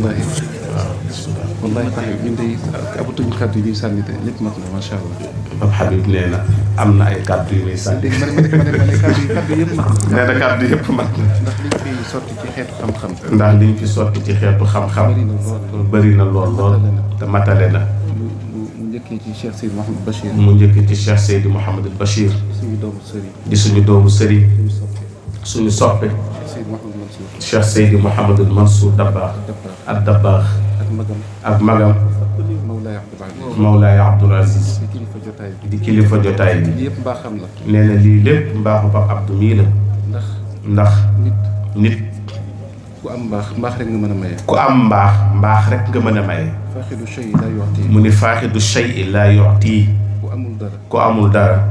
والله صاحبي طيب، من دي ابو تو كاد دي سان دي نيت ما ما شاء الله باب حبيب لينا امنا اي كاد دي لي سان دي من من من كاد دي كاد يم ما نيت كاد دي يم ما ندخ لي في سورتي تي خيت خم خم ندخ لي في سورتي تي خيت خم خم بري نا لول لول تا ماتالي لا نجيكي تي شيخ سيد محمد بشير مو نجيكي تي شيخ سيد محمد البشير سيدي دوم سري دي سيدي دوم سري سوني صوبي سيد محمد الشيخ سيدي محمد المنصور دباغ الدباغ اك مغام مولاي عبد العزيز دي كليفه جوتاي دي نينا لي ليب مباخ با عبد ميلا ندخ ندخ نيت نيت كو ام باخ باخ رك نغمنا ماي كو ام باخ باخ رك نغمنا ماي فاخذ الشيء لا يعطي من فاخذ الشيء لا يعطي كو امول دار كو امول دار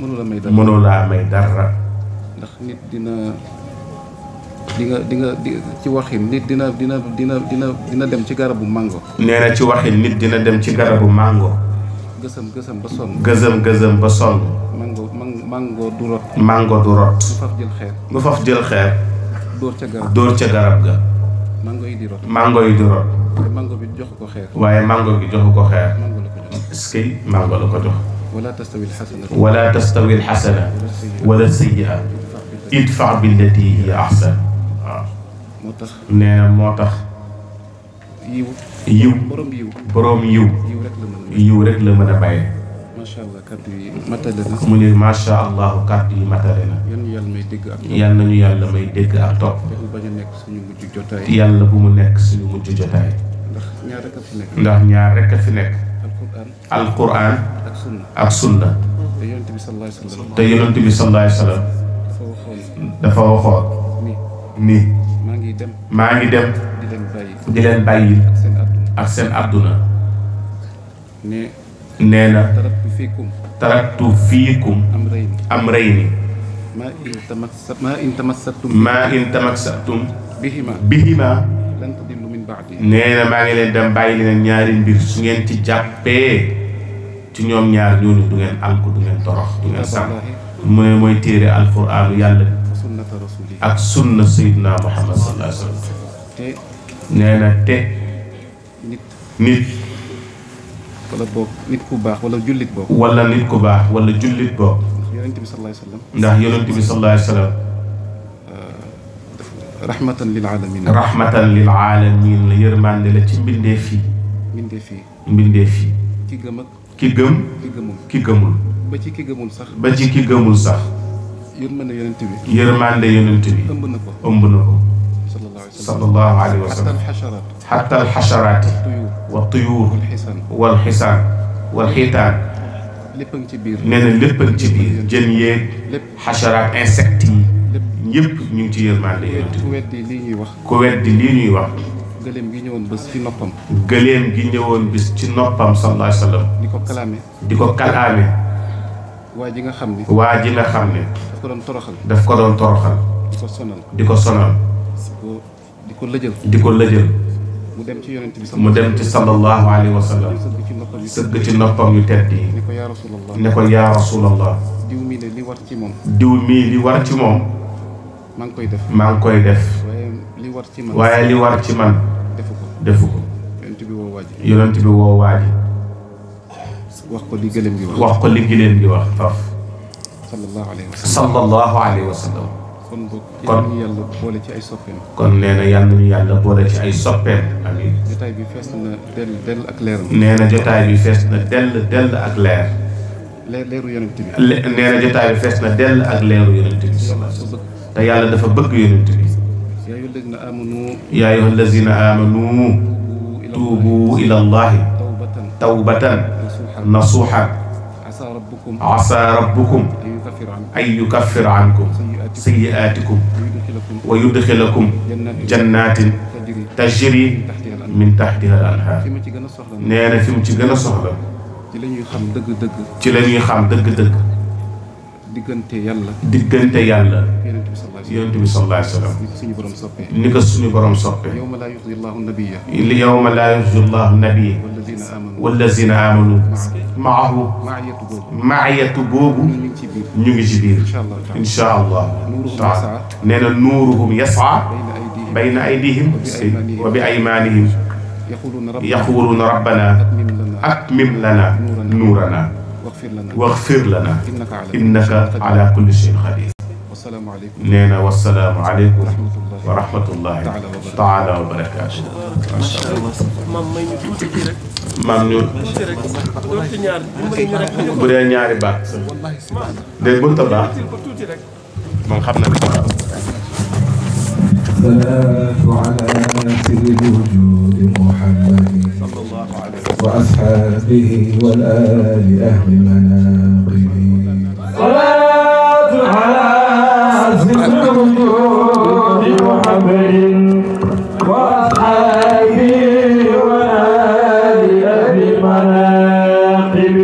منو لا ماي دار منو لا ماي دار ندخ نيت دينا di nga di nga di ci waxin dina dina dina dina dina dem ci garabu mango. nee na ci waxin nit dina dem ci garabu mango. gësëm gësëm ba sonn. gësëm gësëm ba sonn. mango mango du rot. mango du rot. mu faf jël xeer. mu faf jël di rot. mango yi di waaye mango bi joxu ko xeer. waaye mango la ko jox est-ce que ko jox. wala tastawil xasana. wala tastawil idfa billati hiya ahsan waaw moo tax moo tax yiw yiw borom yiw borom yiw yiw rek la mën a bàyyee macha allah kàddu yi matale na mu ne macha allah kàddu yi matale na yal nañu yàlla may dégg ak topp yàlla bu mu nekk suñu mujj jotaay ndax ñaar rek a fi nekk alquran ak sunna te yonent bi sallallahu dafa waxoon ni maa ngi dem di len bayyi ak sen aduna nee neena taraktu fiikum am rëy ni ma in tamassaktum ma in tamassaktum bihima bihima lan tadillu min ba'di nee na maa ngi leen dem bayyi len ñaari mbir su ngeen ci jappé ci ñom ñaar ñooñu du ngeen ko du ngeen torox du ngeen sàmm moy moy téré téere yalla ak sunna sayyidina muhammad sallallahu alaihi wasallam neena te nit nit wala bok nit ku bax wala julit bok wala nit ku bax wala julit bok yonent bi sallallahu alayhi wa ndax yaronte bi sallallahu alaihi wasallam rahmatan lil alamin rahmatan lil alamin la yërmande la ci mbinde fi mbinde fi mbinde fi ki gëm ak ki gëm ki gëmul ki gëmul ba ci ki gëmul sax ba ci ki gëmul sax يرمانده ينتبي أمبنكو صلى الله عليه وسلم حتى الحشرات والطيور والحصان والحيتان نن لبن تبير جنية حشرات إنسكتي يب ينتبي يرمانده ينتبي كويت دليني وح قليم جنون بس في نقطة قليم جنون بس في نقطة صلى الله عليه وسلم ديكو كلامي ديكو كلامي waa ji nga xam ne. waa ji nga xam ne. daf ko doon toroxal. daf ko di ko sonal di ko sonal. di ko lëjël. di ko lëjël. mu dem ci yonent bi mu dem ci sallallahu alayhi wa sallam. sëgg ci noppam yu tedd yi. ne ko yaa rasulallah ne ko yaa rasulallah. diw mii de li war ci moom. diw mii li war ci moom. maa ngi koy def maa ngi koy def. waaye li war ci man waaye ci man. defu ko defu ko. yonent bi woo waa bi wax ko li gëléem gi wax wax ko li gëléem gi wax faf sallallahu alayhi wa sallam sallallahu alayhi wa sallam kon boog yàlla ñu yàlla boole ci ay soppeem kon nee na yàlla ñu yàlla boole ci ay soppeem amin jotaay bi fees na dell dell ak leer nee na jotaay bi fees na dell dell ak leer leer leeru yonent bi nee na jotaay bi fees na dell ak leeru yonent bi te yàlla dafa bëgg yonent bi yaa ayyuha allazina amanu yaa ayyuha allazina amanu tuubu ila allahi tawbatan نصوحا عسى ربكم عسى ربكم أن يكفر عنكم سيئاتكم ويدخلكم جنات تجري من تحتها الأنهار nee فيم fi mu ci gën a soxla ci la ñuy xam dëgg-dëgg ci la ñuy digënté yàlla. digënté yàlla. yonent bi sallallahu alayhi wasallam sallam. suñu borom soppé ni ko suñu borom soppee. yawma la yuxzi llaahu nabiyya. li yawma laa yuxzi llaahu nabiyya. wallazina aamanu. maahu. maayatu boobu. ñu ngi ci biir. incha allah taala nee na nuuruhum yasaa. bayna aydihim wa bi aymaanihim. yaquluuna rabbana. atmim lana nuuranaa. واغفر لنا إنك على كل شيء قدير عليكم نينا والسلام عليكم ورحمة الله تعالى وبركاته ما شاء والصلاة على سيد وجود محمد وأصحابه والآل أهل مناقبه صلاة على سيد الوجود محمد وأصحابه والآل أهل مناقبه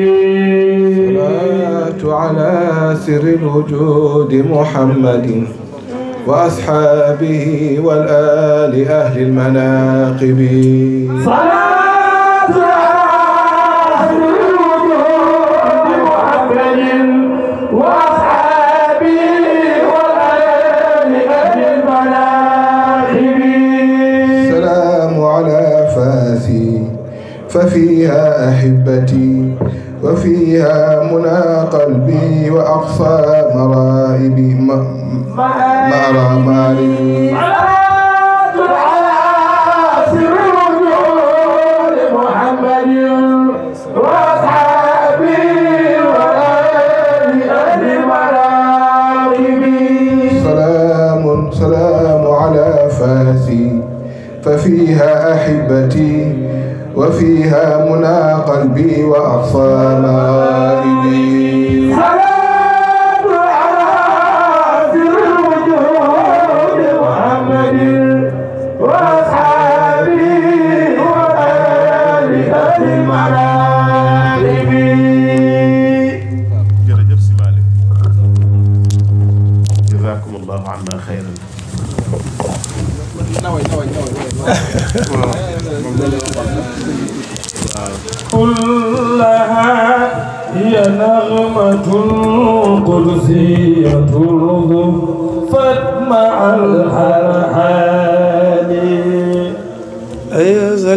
صلاة على سر الوجود محمد وأصحابه والآل أهل المناقب صلاة على محمد وأصحابه والآل أهل المناقب السلام على فاسي ففيها أحبتي وفيها منى قلبي وأقصى مرائبي على سرور محمد أهل سلام سلام على فاسي ففيها أحبتي وفيها منى قلبي وأقصى مآلبي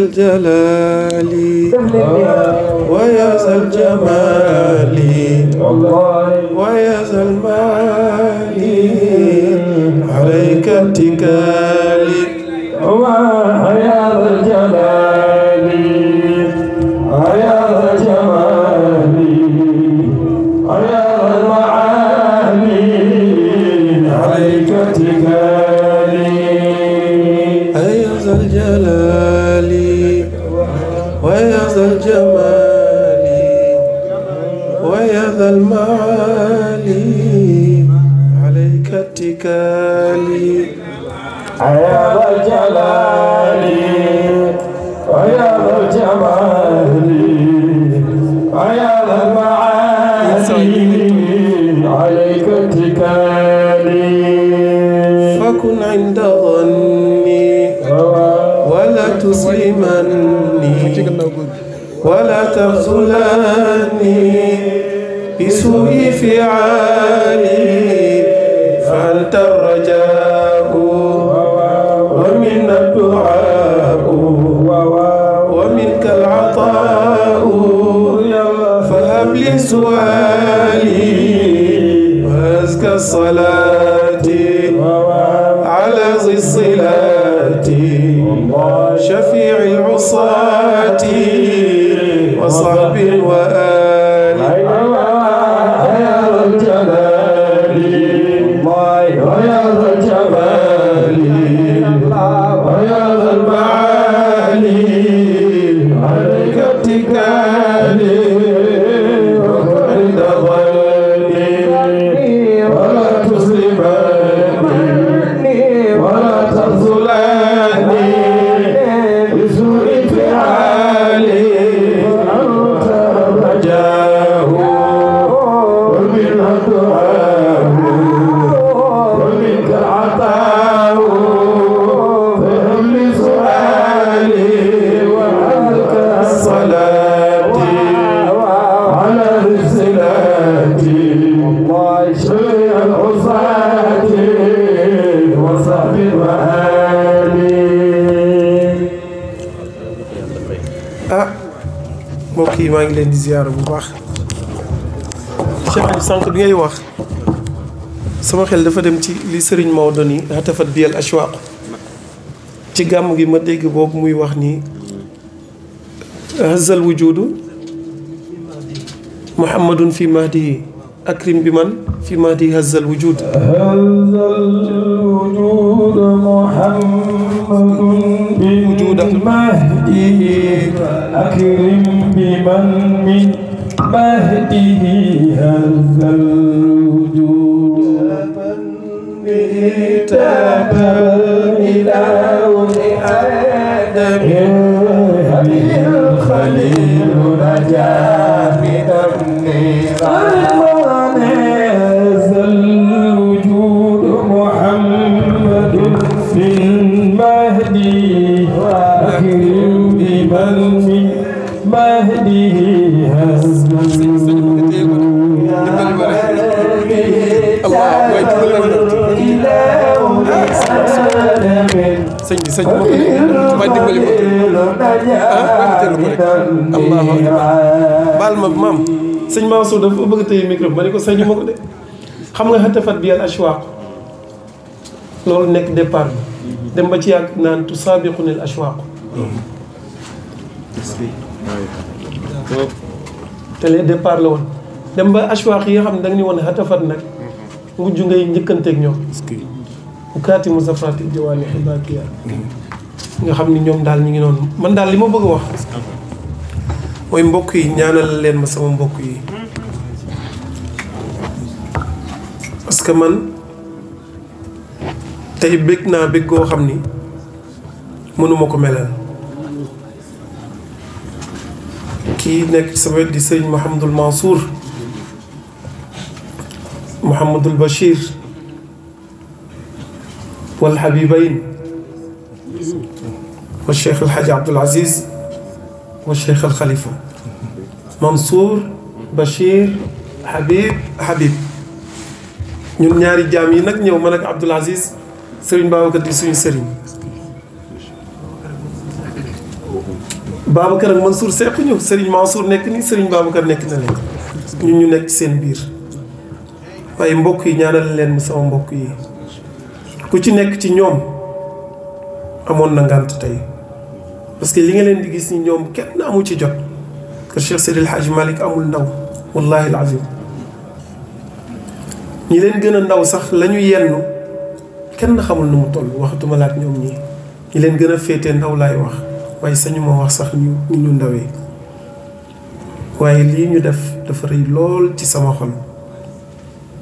الجلال ويا ذا الجمال ويا ذا المال عليك اتكالي ويا ذا زلاني بسوء فعالي فأنت الرجاء ومن الدعاء ومنك العطاء فهب لي سؤالي وأزكى الصلاة 啊！maa ngi leen di ziyaara bu baax sank bi ngay wax sama xel dafa dem ci li sëriñ Maodo ni bi al ashwaq ci gam gi ma deg boobu muy wax ni hazal wujudu muhammadun fi mahdi akrim bi man fi mahdi hazal wujud hazal wujud muhammadun وجودك المهدي أكرم بمن min مهده هذا الوجود به الى الإله ادم الخليل رجا بدمه sëñ bi sëñ bi ma dimbali ko ah teel ko rek allahu ma maam sëñ Mansour bi ma ko de xam nga xëttafat bi al ashwaaq loolu nekk départ bi dem ba ci yàgg naan tusaabiquni al ashwaaq te les départ la woon dem ba ashwaaq yi nga xam ne da nga ni woon xëttafat nag mujj ngay njëkkanteeg ñoom dukaati musafratil jawaani xibakiya nga xam ni ñoom daal ñu ngi noonu man daal li ma bëgg a wax mooy mbokk yi ñaanal leen ma sama mbokk yi parce que man tey bëgg naa bëgg koo xam ni mënuma ko melal kii nekk ci sama wet di sëriñ Mouhamadul Mansour Mouhamadul Bachir والحبيبين والشيخ الحاج عبد العزيز والشيخ الخليفة منصور بشير حبيب حبيب ñun ñaari jaam yi nag ñëw man ak Abdoul Aziz Serigne Babacar di suñu Serigne Babacar ak Mansour seq ñu Serigne Mansour nekk nii Serigne Babacar nekk na leen ñun ñu nekk ci seen biir waaye mbokk yi ñaanal leen sama mbokk yi. ku ci nekk ci ñoom amoon na ngànt tey parce que li nga leen gis ni ñoom kenn amul ci jot que Cheikh Seydil Hadji Malick amul ndaw wallahi alazim ñi leen gën a ndaw sax la ñu yenn kenn xamul nu mu toll waxatuma laat ñoom ñii ñi leen gën a féete ndaw laay wax waaye sañu ma wax sax ñu ñu ndawee waaye lii ñu def dafa rëy lool ci sama xol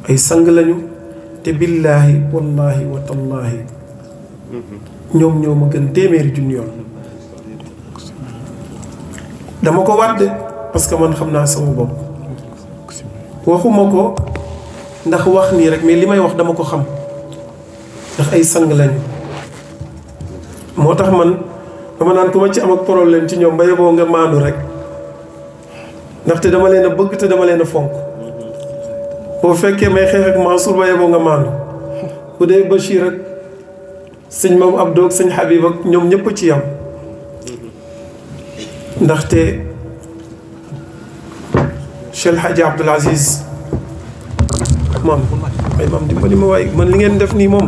ay sang lañu te billaahi wallaahi wa tallaahi ñoom ñoo ma gën téeméeri junni yoon dama ko waat de parce que man xam naa sama bopp waxuma ko ndax wax nii rek mais li may wax dama ko xam ndax ay sang lañu moo tax man dama naan ku ma ci am ak problème ci ñoom ba yeboo nga maanu rek ndaxte dama leen bëgg te dama leen a fonk boo fekkee may xeex ak Mansour ba yeboo nga maandu dee Bachir ak sëñ moom Abdou ak sëñ Habib ñoom ñëpp ci yam ndaxte Cheikh Hadji Abdoul Aziz moom ay maam dimbali ma waaye man li ngeen def nii moom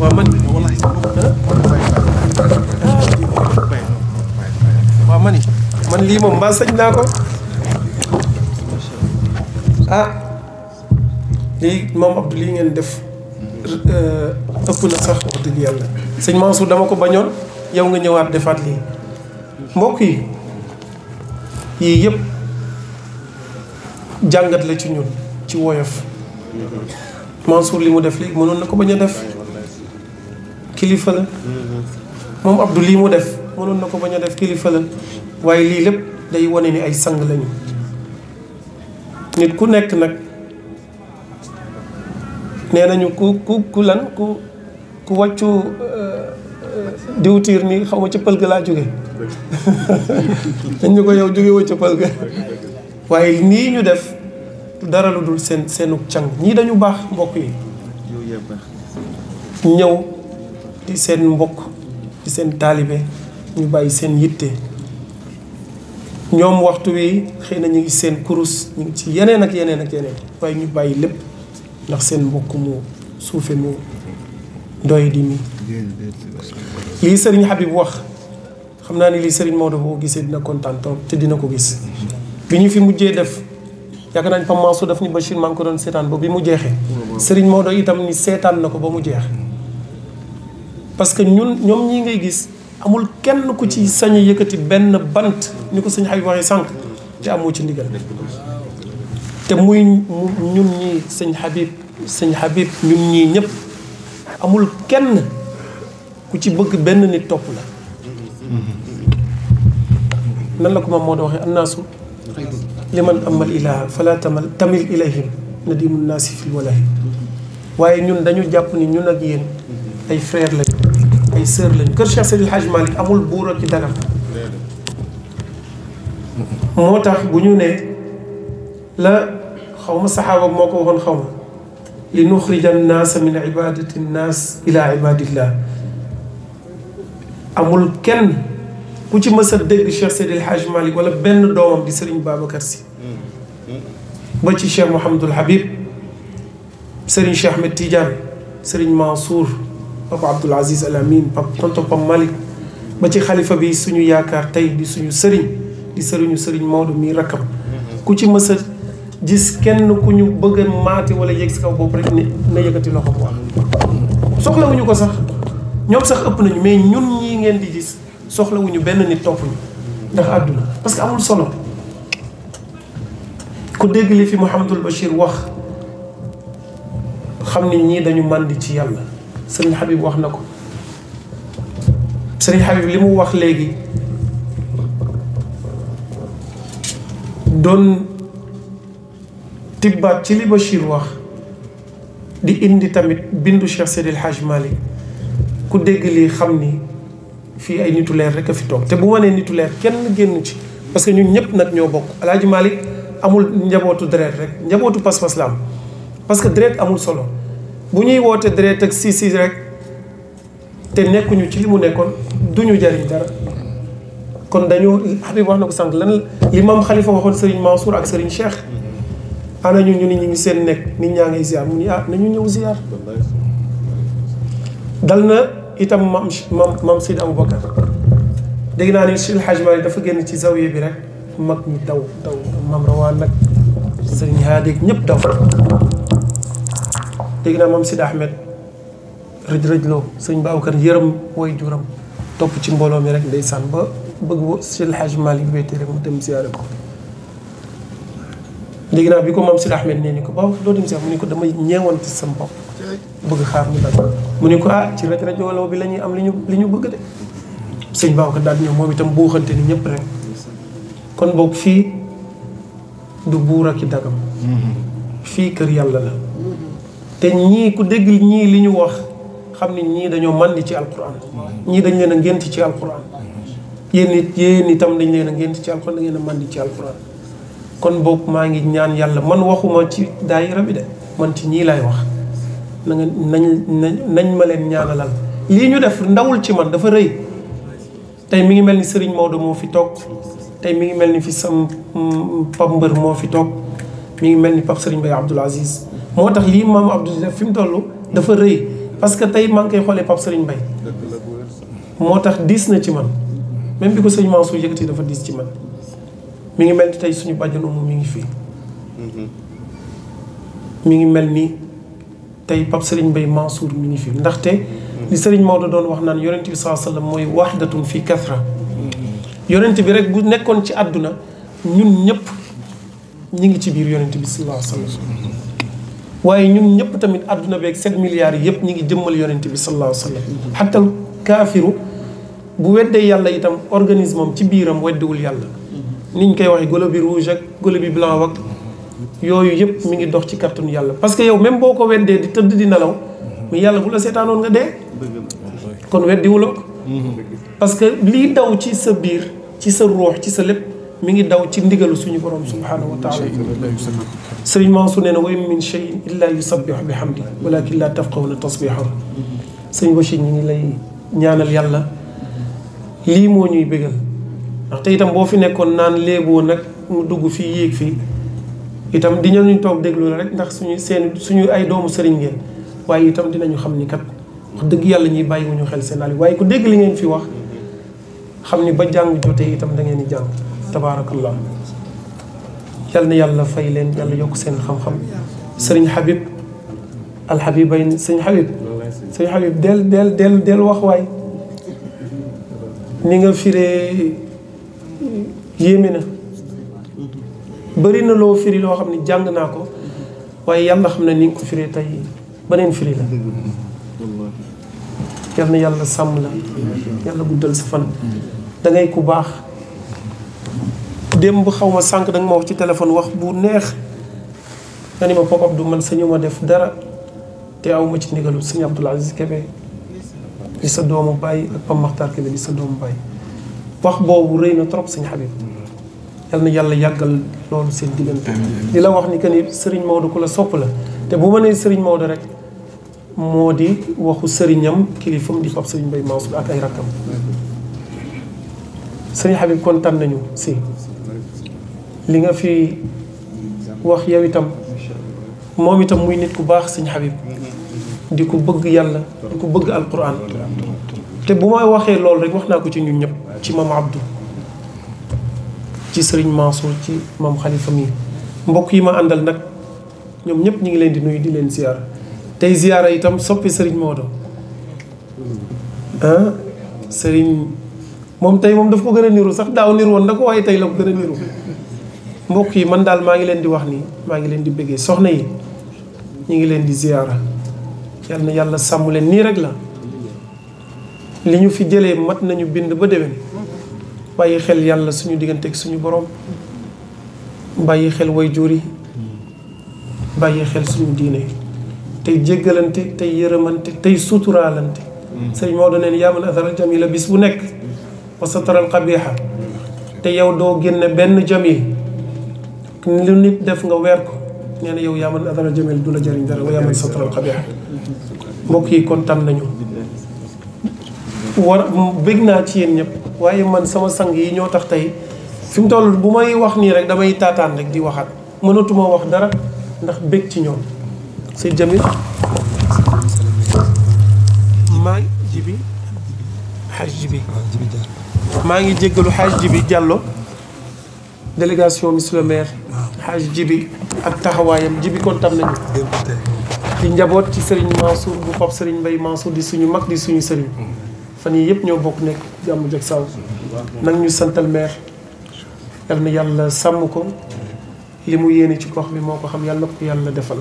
waaw man man man lii moom mbaa naa ko ah lii moom Abdou lii ngeen def euh, ëpp na sax wax dëgg yàlla sëñ Mansour dama ko bañoon yow nga ñëwaat defaat lii mbokk yi yii yëpp jàngat la ci ñun ci woyof Mansour li mu def lii mënoon na ko bañ a def kilifa la moom Abdou lii mu def mënoon na ko bañ a def kilifa la waaye lii lépp day wane ni ay sang lañu nit ku nekk nag nee nañu ku ku ku lan ku ku wàccu euh, diwtiir nii xaw ma ci pël ga laa jóge dañ ñu ko yow jóge woo ca pël ga waaye nii ñu def du dara lu dul seen seenu cang ñii dañu baax mbokk yi ñëw di seen mbokk di seen taalibe ñu bàyyi seen yitte ñoom waxtu wi xëy na ñu ngi seen kurus ñu ci yeneen ak yeneen ak yeneen waaye ñu bàyyi lépp ndax seen mbokk mu suufe mu doy di mi lii sëriñ Habib wax xam naa ni lii sëriñ Maodo boo gisee dina kontaan trop te dina ko gis bi ñu fi mujjee def yaakaar naa ni Pape Mansour daf ni Bachir ko doon seetaan ba bi mu jeexee sëriñ Maodo itam ni seetaan na ko ba mu jeex parce ñun ñoom ñii ngay gis amul kenn ku ci hmm. sañ yëkkati benn bant ni ko sëñ Habib waxee sànq te amoo ci ndigal te muy ñun ñi sëñ Habib sëñ Habib ñun ñii ñëpp amul kenn ku ci bëgg benn nit topp la hmm. nan la ko moom moo da waxee annaasu liman amal ilaha fala tamal ilayhim na dimu naasi fil walahi hmm. waaye ñun dañu jàpp ni ñun ak yéen ay frère la ay sœur lañ kër Cheikh Seydil Hadj Malick amul buur ak ci dagal moo ne la xaw ma saxaaba moo ko waxoon xaw ma li nuxrija annaasa min ibadati nnaas ila ibadillah amul kenn ku ci mës a dégg Cheikh Seydil Hadj Malick wala benn doomam di Serigne Babacar Sy ba ci Cheikh Mouhamadul Habib Serigne Cheikh Ahmed Tidiane Serigne Mansour papa Abdoul Aziz Al Amin papa tonton Pap Malick ba ci xalifa bi suñu yaakaar tey di suñu sëriñ di sëriñu sëriñ Maodo mii rakkam ku ci mës gis kenn ku ñu bëgg a maati wala yegg si kaw boobu rek na yëkkati loxo bu wax soxlawuñu ko sax ñoom sax ëpp nañu mais ñun ñii ngeen di gis soxlawuñu benn nit topp ñu ndax àdduna parce que amul solo ku dégg li fi Mouhamadul Bachir wax xam ni ñii dañu màndi ci yàlla سرين حبيب واخ نكو سرين حبيب لمو واخ لغي دون تبا تلي بشير واخ دي اندي تاميت بندو شيخ سيد الحاج مالي كو لي خمني في اي نيتو لير رك في توك تي بو واني نيتو لير كين генوتي باسكو نيو نيب نات نيو بوك الحاج مالي امول نجابوتو دريت رك نجابوتو باس باس لام باسكو دريت امول سولو bu ñuy wootee deret ak si si rek te nekkuñu ci li mu nekkoon du ñu jariñ dara kon dañoo Habib wax na ko sànq lan li maam Khalifa waxoon sëriñ Mansour ak Serigne Cheikh ana ñu ñu ni ñu ngi seen nekk nit ñaa ngi ziar ni ah, nañu ñëw ziar dal na itam maam maam maam Sidi Aboubacar dégg naa ni Cheikh Hadj Malick dafa génn ci zawiya bi rek mag ñi daw daw maam rawaan nag Serigne Haadi ñëpp daw léegi naa moom Sidi Ahmed rëj rëj loo sëñ Babacar yërëm woy juram topp ci mbooloo mi rek ndeysaan ba bëgg ba Seydi El Hadj Malick wéetee mu dem ziyaare ko léegi bi ko maam Sidi Ahmed ni ko ba loo dem si mu ne ko damay ñeewante sama bopp bëgg xaar mu dal mu ni ko ah ci raj raj wala bi la am li ñu li ñu bëgg de sëñ Babacar daal ñëw moom itam buuxante ni ñëpp rek kon boog fii du buur ak i dagam mm-hmm. fii kër yàlla la te ñii ku dégg ñii li ñu wax xam ne ñii dañoo màndi ci alquran ñii dañ leen a ngént ci alquran yéen it yéen itam dañ leen a ngént ci alquran da ngeen a màndi ci alquran kon boobu maa ngi ñaan yàlla man waxuma ci daayira bi de man ci ñii lay wax na nga nañ nañ ma leen ñaanalal lii ñu def ndawul ci man dafa rëy tey mi ngi mel ni sëriñ Maodo moo fi toog tey mi ngi mel ni fi sam mm, Pape Mbër moo fi toog mi ngi mel ni Pape sëriñ Baye Abdoul Aziz moo tax lii maam Abdou def fi mu toll dafa rëy parce que tey maa ngi koy xoolee Pape bay moo tax diis na ci man même bi ko sëñ Mansour yëkkati dafa diis ci man mi ngi mel ni tey suñu bàjjan umu mi ngi fii mi ngi mel ni tey Pape Serigne Mbaye Mansour mi ngi fi ndaxte li Serigne Maodo doon wax naan yonent bi saa sallam mooy waxdatun fi kathra yonent bi rek bu nekkoon ci àdduna ñun ñëpp ñu ngi ci biir yonent bi sallallahu alayhi waaye ñun ñëpp tamit àdduna beeg 7 milliards yëpp ñu ngi jëmmal yonent bi sallallahu alayhi wa sallam xatal kaafiru bu weddee yàlla itam organisme am ci biiram weddiwul yàlla niñ koy waxee golo bi rouge ak golo bi blanc ak yooyu yëpp mi ngi dox ci kàttanu yàlla parce que yow même boo ko weddee di tëdd di nelaw mais yàlla bu la seetaanoon nga dee kon weddiwuloo ko parce que lii daw ci sa biir ci sa ruux ci sa lépp mi ngi daw ci ndigalu suñu borom subhanahu wa taala sëriñ Mansour nee na wa in min cheyin illa yusabbixu bi hamdi walakin la tafqahuna tasbixahum sëriñ Bachir ñu ngi lay ñaanal yàlla lii moo ñuy bégal ndax te itam boo fi nekkoon naan léeboo nag mu dugg fii yéeg fii itam di ñu toog déglu la rek ndax suñu seen suñu ay doomu sëriñ ngeen waaye itam dinañu xam ni kat wax dëgg yàlla ñuy bàyyi wuñu xel seen àll waaye ku dégg li ngeen fi wax xam ni ba jàng jotee itam da ngeen di jàng tabarakallah yal na yàlla fay leen yàlla yokk seen xam-xam sëriñ Habib alxabibayn sëriñ Habib sëriñ Habib del del del del wax waay ni nga firee yéeme na bëri na loo firi loo xam ne jàng naa ko waaye yàlla xam ne ni nga ko firee tey beneen firi la yal na yàlla sàmm la yàlla guddal sa fan dangay ku baax démb xaw ma sànq danga ma wax ci téléphone wax bu neex nga ni ma Pape Abdou man sañu ma def dara te aw ma ci ndigalu sëñ Abdoul Aziz Kébé di sa doomu bàyyi ak Pape Makhtar Kébé di sa doomu bàyyi wax boobu rëy na trop sëñ Habib yal na yàlla yàggal loolu seen diggante di la wax ni que ni Serigne Maodo ku la sopp la te bu ma nee Serigne Maodo rek moo di waxu sëriñam kilifam di Pape Serigne Mbaye Mansour ak ay rakkam sëñ Habib kontaan nañu si li nga fi wax yow itam moom itam muy nit ku baax sëñ Habib di ko bëgg yàlla di ko bëgg alquran te bu ma waxee loolu rek wax naa ko ci ñun ñëpp ci mam Abdou ci sëriñ Mansour ci mam Khalifa mi mbokk yi ma àndal nag ñoom ñëpp ñu ngi leen di nuyu di leen ziyaara tey ziyaara itam soppi sëriñ Maodo ah sëriñ moom tey moom daf ko gën a niru sax daaw niru woon na ko waaye tey la ko gën a niru mbokk yi man daal maa ngi leen di wax nii maa ngi leen di bëggee soxna yi ñu ngi leen di ziyaara yal yàlla sàmm leen nii rek la li ñu fi jëlee mat nañu bind ba déwén bàyyi xel yàlla suñu diggante ak suñu borom bàyyi xel way jur yi bàyyi xel suñu diine tey jéggalante tey yërëmante tey suturaalante sëñ Maodo neen yaamal asaral la bis bu nekk wasatar al qabiha te yow doo génne benn jamil lu nit def nga weer ko nee na yow yaa man adara jëmel du la jëriñ dara wa yaa man satral xabiha mbokk kontaan nañu naa ci yéen ñëpp waaye man sama sang yi ñoo tax tey fi mu toll bu may wax nii rek damay taataan rek di waxaat mënatuma wax dara ndax bég ci ñoom si jamil maa ngi jibi xaaj jibi jéggalu xaaj jibi jàllo délégation monsieur le maire xaaj jibi ak taxawaayam jibi kontaan nañu di njaboot ci Serigne Mansour bu Pape Serigne Mbaye Mansour di suñu mag di suñu sëriñ mm. fan yii yëpp ñoo bokk nekk jàmm jog saw nag ñu santal maire yal na yàlla sàmm ko li mu yéene ci gox mi moo ko xam yàlla na ko yàlla defal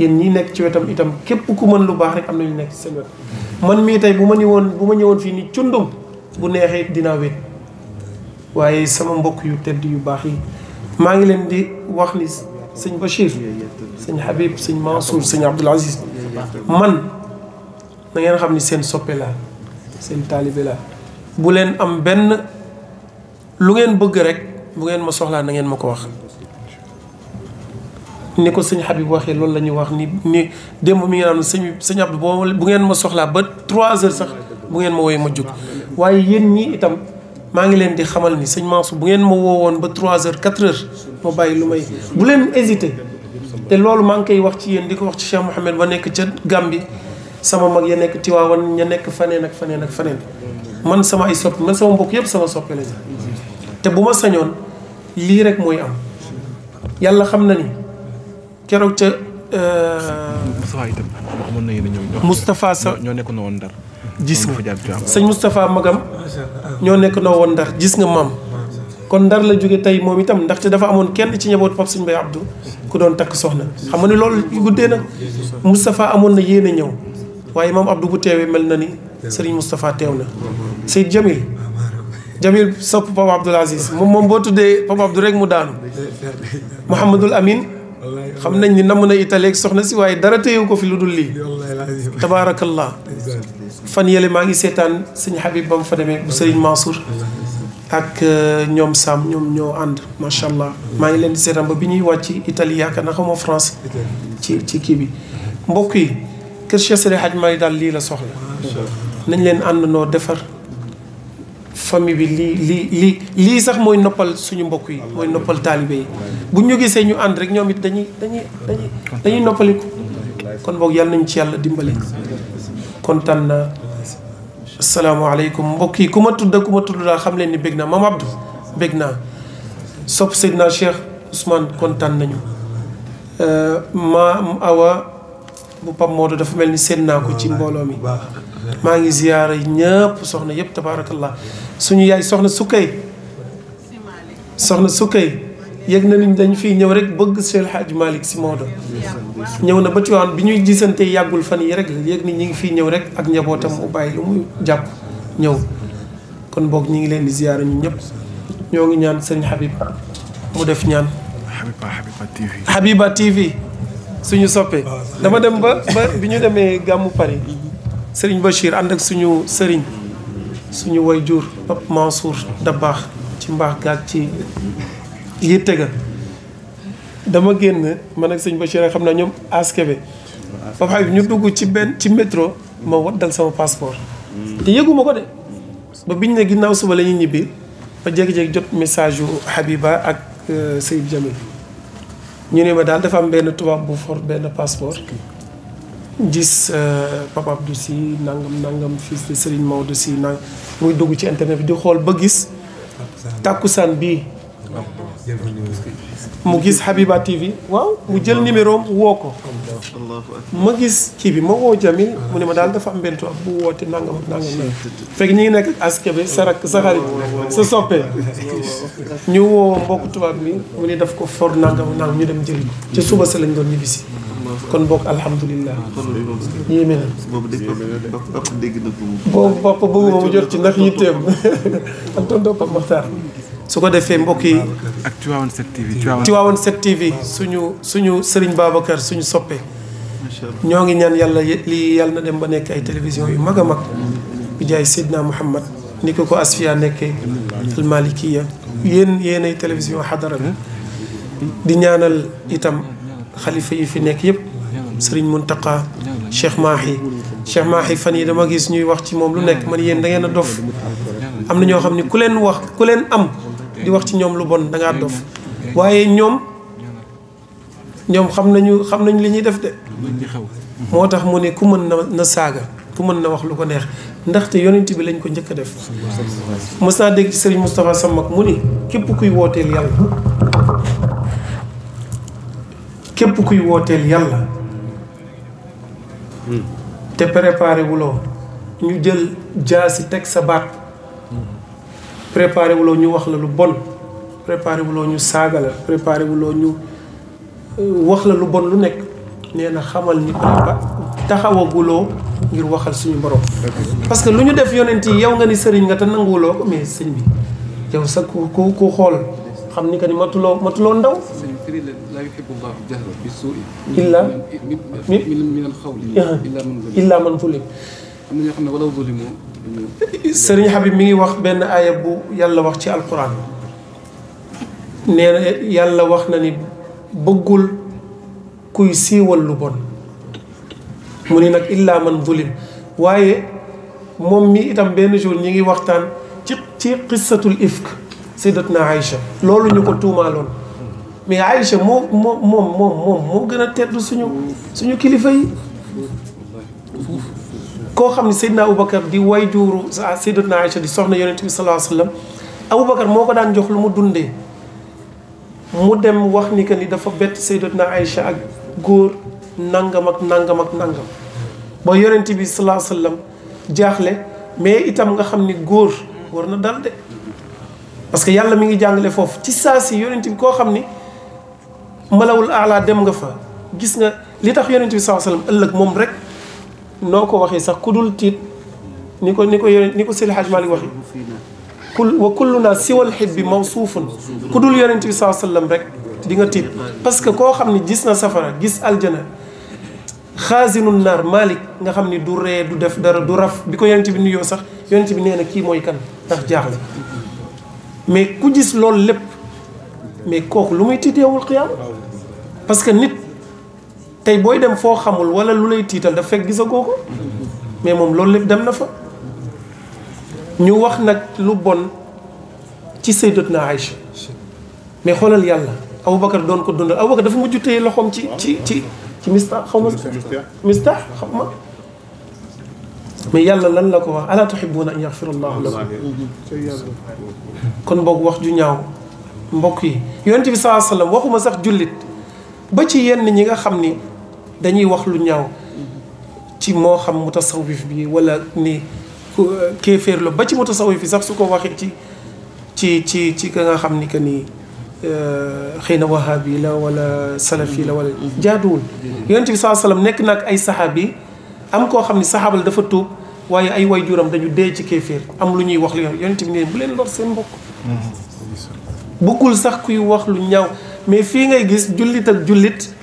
yéen ñi nekk ci wetam itam képp ku mën lu baax rek am na ñu nekk ci seen man mii tey bu ma ñëwoon woon bu ma ñëwoon fii ni cundum bu neexee dinaa wéet waaye sama mbokk yu tedd yu baax yi maa ngi leen di wax ni sëñ Bachir sëñ Habib sëñ Mansour sëñ Abdoul Aziz man na ngeen xam ni seen soppee laa seen taalibe laa bu leen am benn lu ngeen bëgg rek bu ngeen ma soxlaa na ngeen ma ko wax ni ko sëñ Habib waxee loolu la ñuy wax ni démb mi nga naan sëñ sëñ Abdou bu ngeen ma soxlaa ba trois heures sax bu ngeen ma woy ma jóg waaye yéen ñi itam maa ngi leen di xamal ni sëñ Mansour bu ngeen ma woowoon ba 3 heures 4 heures ma bàyyi lu may bu leen hésité te loolu maa ngi koy wax ci yéen di ko wax ci Cheikh Mouhamed ba nekk ca Gambie sama mag ya nekk Tiwaawan ña nekk faneen ak faneen ak faneen man sama ay soppi man sama mbokk yëpp sama soppe la te bu ma sañoon lii rek mooy am yàlla xam na ni keroog ca. Euh, Moustapha itam. Moustapha sa ñoo nekk na woon Ndar. gis nga sëñ Moustapha Magam ñoo nekk noo woon ndar gis nga maam kon ndar la jóge tey moom itam ndaxte dafa amoon kenn ci njaboot Pape Sëñ Bay Abdou ku doon takk soxna xam ne ni loolu guddee na Moustapha amoon na yéene ñëw waaye maam Abdou bu teewee mel na ni sëriñ Moustapha teew na Seyd Jamil Jamil sopp Pape Abdoul Aziz moom moom boo tuddee Pape Abdou rek mu daanu Mouhamadul Amin xam nañ ni namm na italeeg soxna si waaye dara téyewu ko fi lu dul lii tabaarakallah fan yële maa ngi seetaan sëñ Habib ba mu fa demee bu sëriñ Mansour ak euh, ñoom Sam ñoom ñoo ànd macha allah maa ngi leen di seetaan ba bi ñuy wàcc Italie yaakaar na xamoo France ci ci kii bi mbokk yi kër Cheikh Seydi Hadj daal lii la soxla nañ leen àndandoo defar famille bi lii lii lii lii sax mooy noppal suñu mbokk yi mooy noppal taalibe yi bu ñu gisee ñu ànd rek ñoom it dañuy dañuy dañuy dañuy noppaliku kon boog yàlla nañ ci yàlla dimbale kontaan naa asalaamaaleykum mbokk yi ku ma tudd ku ma tudd daal xam leen ni bég naa maam Abdou bég naa sopp Seydina Cheikh Ousmane kontaan nañu maam Awa bu Pam Moodo dafa mel ni seen naa ko ci mbooloo mi maa ngi ziyaara ñëpp soxna yëpp tabaarakallah suñu yaay soxna sukkay soxna sukkay yëg na niñ dañ fiy ñëw rek bëgg Seex Alxaaji Malick Si Maodo ñëw na ba Tiwaawan bi ñuy gisante yàggul fan yi rek la yëg ni ñi ngi fiy ñëw rek ak njabootam mu bàyyi lu muy jàpp ñëw kon boog ñi ngi leen di ziyaara ñu ñëpp ñoo ngi ñaan sëñ Habib mu def ñaan Habiba TV suñu soppee dama dem ba ba bi ñu demee gàmmu Paris sëriñ ba Bachir ànd ak suñu sëriñ suñu way jur Pape Mansour Dabakh ci mbaax gaag ci yitte ga dama génn man ak sëñ Bachir xam naa ñoom aske bi Pape Habib ñu dugg ci benn ci métro ma waddal sama passeport hmm. te yëguma ko de ba biñ ne ginnaaw suba lañuy ñibbi ba jékki-jékki jot message yu Habiba ak euh, Seydou Jamil ñu ne ma daal dafa am benn tubaab bu for benn passeport gis euh, Pape du si nangam nangam fils de Serigne Maodo Sy nangam muy dugg ci internet bi di xool ba gis tàkkusaan bii mu gis Habiba TV waaw mu jël numéro woo ko ma gis kii bi ma woo Jamil mu ne ma daal dafa am benn toog bu woote nangam nangam ngi nekk ak aske bi sa rakk sa xarit sa soppee ñu woo mbokk bi mu ne daf ko for nangam nangam ñu dem jëli ci suba sa lañ doon ñibbisi kon bokk alhamdulilah. yéeme na. boobu dégg na ko. boobu bopp bëgguma mu jot ci ndax yitteem ak tonton Pape su ko defee mbokk yi ak Tivaouane 7TV Tivaouane 7TV suñu suñu Serigne Babacar suñu soppe ñoo ngi ñaan yàlla lii yàlla na dem ba nekk ay télévision yu mag a mag bi jaay Seydina Mouhamad ni ko ko Asfiya nekkee almalikiya yéen yéen ay télévision xadara bi di ñaanal itam xalifa yi fi nekk yëpp sëriñ Mountakha Cheikh Mahi Cheikh Mahi fan yi dama gis ñuy wax ci moom lu nekk man yéen da ngeen a dof am na ñoo xam ne ku leen wax ku leen am di wax ci ñoom lu bon da ngaa dof mm-hmm. waaye ñoom ñoom xam nañu xam nañ li ñuy def de. Mm-hmm. moo tax mu ne ku mën na na saaga ku mën na wax lu ko neex ndaxte yonent bi lañ ko njëkk a def. mës naa dégg ci Serigne Moustapha Samak mu ni képp kuy wooteel yàlla képp kuy wooteel yàlla. Mm. te préparé ñu jël jaasi teg sa baat. préparé wuloo ñu wax la lu bon préparé wuloo ñu saaga la préparé wuloo ñu wax la lu bon lu nekk nee na xamal ni prépa taxawaguloo ngir waxal suñu borom. parce que lu ñu def yonent yi yow nga ni sëriñ nga te nanguwuloo ko mais sëñ bi yow sa ku ku ku xool xam ni que ni matuloo matuloo ndaw. illa mi illa man zulim. am na ñoo سرني حبيب مي وقت بين آية بو يلا وقت القرآن نير يلا وقت نني بقول كوي سي واللبن مونينك إلا من ظلم واي مومي إتام بين جو نيجي وقتان تي قصة الإفك سيدتنا عائشة لولو نيكو تو مالون مي عائشة مو مو مو مو مو مو غنا تيدو سونو سونو كليفا يي koo xam ne Seydina Aboubacar di way juuru Seydatna Aïcha di soxna yonent bi sallallahu alayhi wa sallam Aboubacar moo ko daan jox lu mu dundee mu dem wax ni que ni dafa bett Seydatna Aïcha ak góor nangam ak nangam ak nangam ba yonent bi sallallahu alayhi wa sallam mais itam nga xam ni góor war na dal de parce que yàlla mi ngi jàngale foofu ci saa si yonent bi koo xam malawul aala dem nga fa gis nga li tax yonent bi sallallahu alayhi wa sallam ëllëg rek. noo ko waxee sax ku dul tiit ni ko ni ko yore ni ko Seydi Hadj Malick waxee kul wa kulluna siwal xibbi mawsuufun ku dul yonent bi saa sallam rek di nga tiit parce que koo xam gis na safara gis aljana xaasinu naar malik nga xam ni du ree du def dara du raf bi ko yonent bi nuyoo sax yonent bi nee na kii mooy kan ndax jaaxle mais ku gis loolu lépp mais kooku lu muy tiit parce que nit tay boy dem fo xamul wala lulay tital da fek gisa goko mais mom lolou lépp dem na fa ñu wax nak lu bon ci sayyidatna aisha mais xolal yàlla abou bakkar don ko dundal Aboubacar dafa mujj téye loxom ci ci ci ci mistah xaw mistah mistaax mais yàlla lan la ko wax ala tuhibuna an yaghfira allah lakum kon bok wax ju ñaaw mbok yi yoonte bi sallallahu alayhi wasallam waxuma sax julit ba ci yenn ñi nga xamni dañuy wax lu ñaaw ci moo xam mutasawif bi wala ni kéeféer la ba ci mutasawif bi sax su ko waxee ci ci ci ci ka nga xam ni que ni xëy na wahabi la wala salafi la wala jaaduwul yonent bi saa sallam nekk nag ay saxaab am koo xam ni saxaaba dafa tuub waaye ay wayjuram dañu dee ci kéeféer am lu ñuy wax li yonent bi ne bu leen lor seen mbokk bëggul sax kuy wax lu ñaaw mais fii ngay gis jullit ak jullit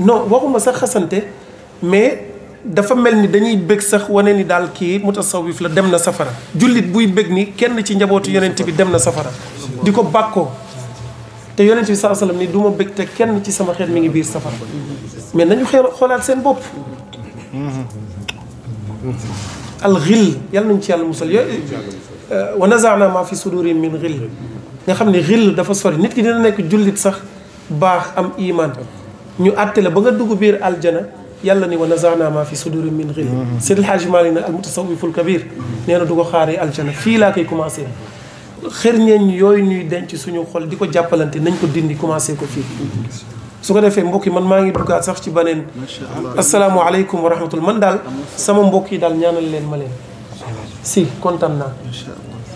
non waxuma sax xasante mais dafa mel ni dañuy bëgg sax wane ni daal kii mutasawif la dem na safara jullit buy bëgg ni kenn ci njabootu yonent bi dem na safara di ko bàkkoo te yonent bi saa sallam ni du ma bëgg te kenn ci sama xeet mi ngi biir safara mais nañu xee xoolaat seen bopp al xil yàlla nañ ci yàlla musal yo wa nazana ma fi sudurihim min xil nga xam ne xil dafa sori nit ki dina nekk jullit sax baax am iman ñu àtte la ba nga dugg biir aljana yàlla ni wa nazaana ma fi suduri min xil Seydil Haaji Maalik ne al mutasawwiful kabir nee na du ko xaaree aljana fii laa koy commencé xërñeeñ yooyu ñuy denc suñu xol di ko jàppalante nañ ko dindi commencé ko fii su ko defee mbokk yi man maa ngi duggaat sax ci baneen asalaamaaleykum wa rahmatullah man daal sama mbokk yi daal ñaanal leen ma leen si kontaan naa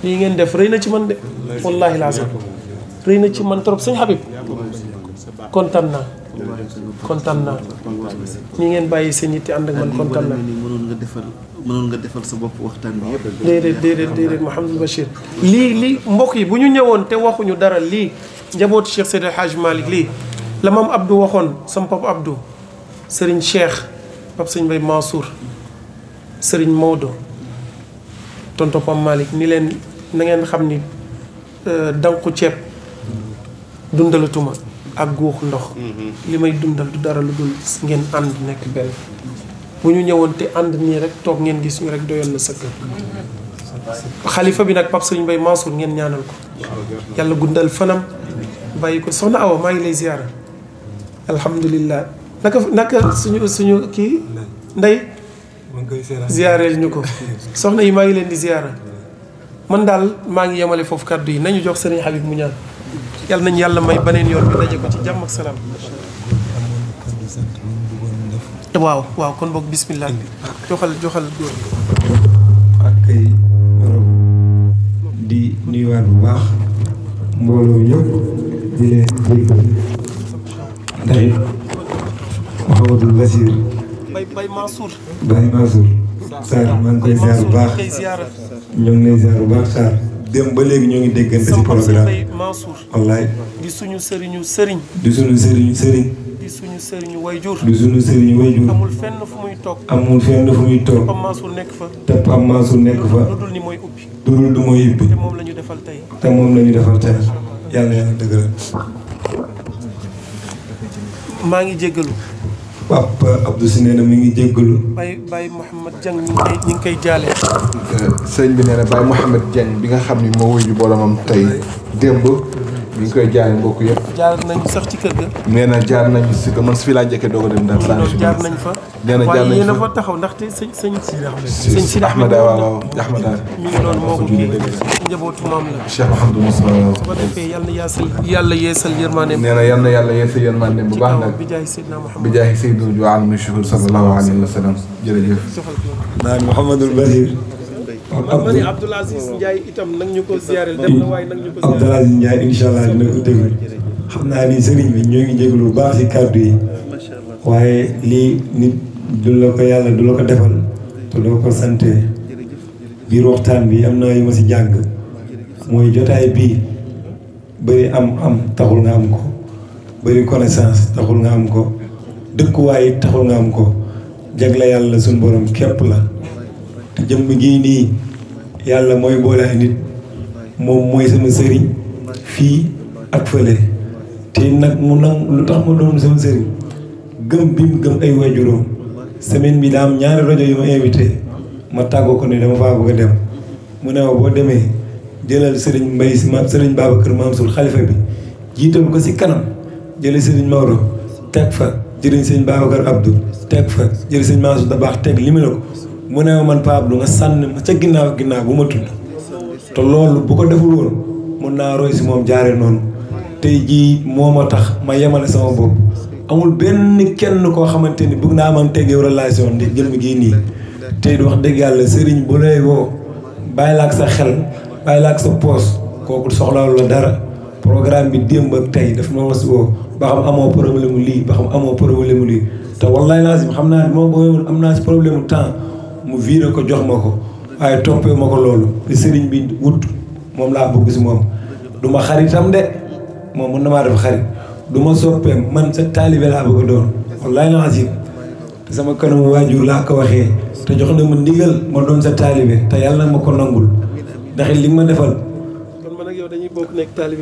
lii ngeen def rëy na ci man de wallahi laa sax rëy na ci man trop sëñ Habib kontaan naa kontaan naa ni ngeen bàyyi seen yitte ànd ak man kontaan naa. mënoon nga defal mënoon nga defal sa bopp waxtaan bi yëpp. déedéet déedéet déedéet Mouhamadou Bachir lii li mbokk yi bu ñu ñëwoon te waxuñu dara lii njabootu Cheikh Seydi Hadj Malick lii la maam Abdou waxoon sam pap Abdou Serigne Cheikh pap Sëñ Bay Mansour sëriñ Maodo tonton malik ni leen nangeen xam ni euh, danku ceeb dundalatuma ak guux ndox mhm. li may dundal du dara lu dul ngeen ànd nekk benn bu ñu ñëwoon te ànd nii rek toog ngeen gis ñu rek doyoon na sëkk xalifa bi nag Pape Serigne Mbaye Mansour ngeen ñaanal ko yàlla guddal fanam bàyyi ko soxna Awa maa ngi lay ziara alhamdulilah naka naka suñu suñu kii ndey ziareel ñu ko soxna yi maa ngi leen di ziara man daal maa ngi yemale foofu kàddu yi nañu jox Serigne Habib mu ñaan yal nañu yàlla may beneen yoon bi daje ko ci jàmm ak salaam. waaw waaw kon boog bismillah joxal joxal góor di nuyuwaat bu baax mbooloo ñëpp di leen déglu ndax Mouhamadul Basir Bay Bay Mansour Bay Mansour Sarr maa koy ziar baax ñoo ngi dem ba léegi ñoo ngi déggante ci programme Mansour wallaay di suñu sëriñu sëriñ di suñu sëriñu sëriñ di suñu sëriñu wayjur di suñu sëriñu wayjur amul fenn fu muy toog amul fenn fu muy toog Pape Mansour nekk fa nekk fa lu dul ni mooy du mooy ubbi te moom la ñu defal tey te moom la ñu defal tey yàlla yàlla dëgg maa ngi jéggalu Papa Abdou si nee na mi ngi jéggalu. Baye Baye Mouhamed Dieng ñi ngi koy jaalee ngi koy eh, sëñ bi nee na Baye Mouhamed Dieng bi nga xam ni moo wuyu boromam tey démb. ñu ngi koy jaay mbokk yëpp. jaar nañu sax ci kër ga. nee na jaar nañu si kër man si fii laa njëkkee doog a dem daal. saa yu jaar nañ fa. nee na jaar nañ fa waaye yéen a fa taxaw ndaxte sëñ sëñ. sëñ Sidi Ahmed waaw waaw Ahmed mi ngi doon moo ko kii njabootu maam la. Cheikh Mouhamadou Moussa waaw. su ko defee yal na yaasal yàlla yeesal yërmandeem. nee na yal na yàlla yeesal yërmandeem bu baax nag. bi jaay Seydina Mouhamed bi jaay Seydina Mouhamed sallallahu alayhi wa sallam jërëjëf. waaw man Abdoul Aziz Ndiaye itam nag ñu dina ko déglu xam naa ni sëriñ bi ñoo ngi jégalu bu baax si kàddu yi waaye lii nit du la ko yàlla du la ko defal te doo ko sante biir waxtaan bi am na yu ma si jàng mooy jotaay bii bari am-am taxul nga am ko bari connaissance taxul nga am ko dëkkuwaay taxul nga am ko jagle yàlla suñu borom képp la. te jëmm gii nii yàlla mooy boole ay nit moom mooy sama sëriñ fii ak fële te nag mu nag lu tax mu doon sama sëriñ gëm bi mu gëm ay waajuróom semaine bi daam ñaari rajo yu ma invité ma tàgg ko ne dama faa bëgg a dem mu ne ma boo demee jëlal sëriñ Mbay si ma sëriñ Babacar Mansour xalifa bi jiital ko si kanam jële sëriñ Maodo teg fa jëriñ sëriñ Babacar Abdou teg fa jëriñ sëriñ Mansour da baax teg limale ko mu ne man Pa Abdou nga sànni ma ca ginnaaw ginnaaw bu ma tudd te loolu bu ko deful woon mun naa roy si moom jaare noonu tey jii moo ma tax ma yemale sama bopp amul benn kenn koo xamante ni bëgg naa am teggee relation ndi jël mi gii nii tey wax dëgg yàlla sëriñ bu lay woo bàyyi laa ak sa xel bàyyi la ak sa poos kooku soxlaalu la dara programme bi démb ak tey daf ma was woo ba xam amoo problème lii ba xam amoo problème lii te wallaay naa si problème temps mu viré ko jox ma ko waaye toppee ma ko loolu li sëriñ bi wut moom laa bëgg si moom du ma xaritam de moo mën na maa def xarit du ma soppeem man sa taalibe laa bëgg doon wallaahi la azim te sama kanamu waajur laa ko waxee te jox na ma ndigal ma doon sa taalibe te yàlla na ma ko nangul ndax li ma defal dañuy bokk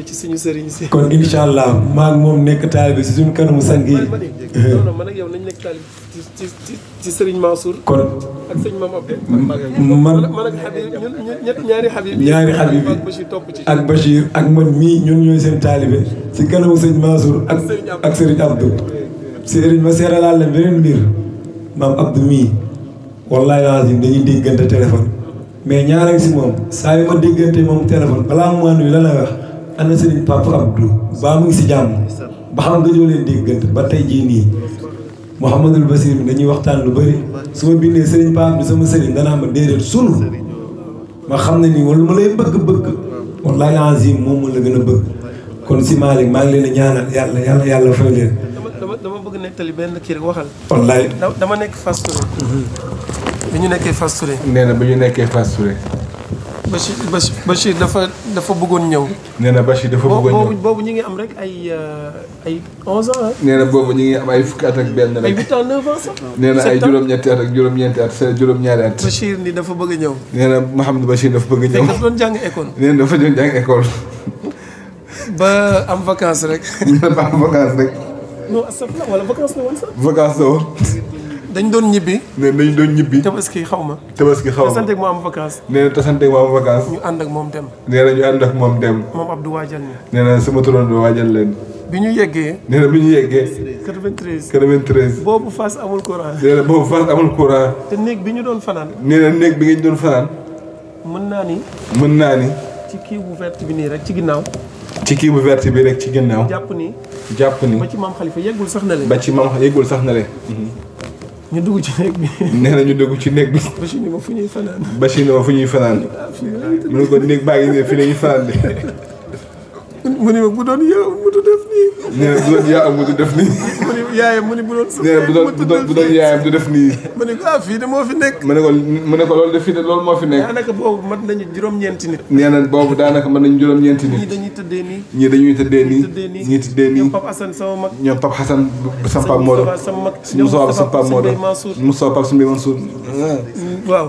ci suñu sëriñ si. kon incha allah maa moom nekk taalibe si suñu kanamu sang yow nañ nekk taalibe ci ci ci sëriñ Mansour. kon ak sëñ Mame Abdou. man man ak Habib ñun ñaari Habib. ñaari Habib ak Bachir ak man mii ñun ñooy seen taalibe si kanamu sëñ Mansour ak sëriñ Abdou. sëriñ ma seeralaal la beneen mbir maam Abdou mii wallaahi laa dañuy déggante téléphone. mais ñaareel si moom saa yu ma déggante moom téléphone balaa mu nuyu la la wax ana sëriñ Papa Abdou baa mu ngi si jàmm ba xam gëjoo leen déggante ba tey jii nii Mouhamadul Basir bi dañuy waxtaan lu bëri su ma bindee sëriñ Papa Abdou sama sëriñ danaa ma déedéet sunu ma xam ne nii wala ma lay bëgg-bëgg wallaahi azim moom moo la gën a bëgg kon si Malick maa ngi leen a ñaanal yàlla yàlla yàlla fay leen. dama dama bëgg li benn kii rek waxal. wallaahi dama nekk fas biñu nekké nekkee Fass Touré. nee na bi ñu nekkee Touré. Bachir Bachir Bachir dafa dafa bëggoon ñëw. néna na dafa bëggoon ñëw bobu bobu ñi ngi am rek ay euh, ay 11 ans ah. nee na boobu ngi am ay fukki at ak ben rek. ay 8 ans 9 ans néna ay juroom ñetti at ak juroom ñenti at sa juroom ñaari at. Bachir ni dafa bëgg ñëw. néna mohammed Mouhamadou dafa bëgg ñëw. dafa doon jàng école. néna dafa doon jàng école. ba am vacances rek. nee ba am vacances rek. non astafurlah wala vacance la woon sax. la dañu doon ñibbi. nee dañ doon ñibbi. tabaski xaw ma. tabaski xaw ma tasanteeg mu am vacance. nee na tasanteeg am vacance. ñu ànd ak moom dem. nee na ñu ànd ak moom dem. moom Abdou waajal ñu. nee na sama turando waajal leen. bi ñu yeggee. nee na bi ñu yeggee. 93 93. boobu Fass amul courant. nee na boobu Fass amul courant. te néeg bi ñu doon fanaan. nee na néeg bi ngeen doon fanaan. mën naa ni. mën naa ni. ci kii bu verte bi nii rek ci ginnaaw. ci kii bu verte bi rek ci ginnaaw. jàpp nii jàpp ni ba ci maam Khalifa yeggul sax na le. ba ci maam yeggul sax na ñu dugg ci néeg bi. nee na ñu dugg ci néeg bi. Bachir ni ma fu ñuy fanaan. Bachir ma fu ñuy fanaan. mu ne ko néeg baa ngi nii fii la ñuy fanaan de. mu ne ma bu doon yaa amutu def nii. nee na bu doon yaa amutu def nii. yaayam mu ne bu doon su bu doon bu doon yaayam du def nii ma ne ko ah fii de moo fi nekk ma ne ko mu ne ko loolu de fii de loolu moo fi nekk daanaka boobu mat nañu juróom-ñeenti nit nee na boobu daanaka mën nañu juróom-ñeenti nit ñii dañuy tëddee nii ñii dañuy tëddee nii ñii tëddee nii ñoom Pape Assane sama mag ñoom Pape Assane sama pap moo doon sama mag Moussa sama pap moo doon Moussa Pape Soumbey Mansour waaw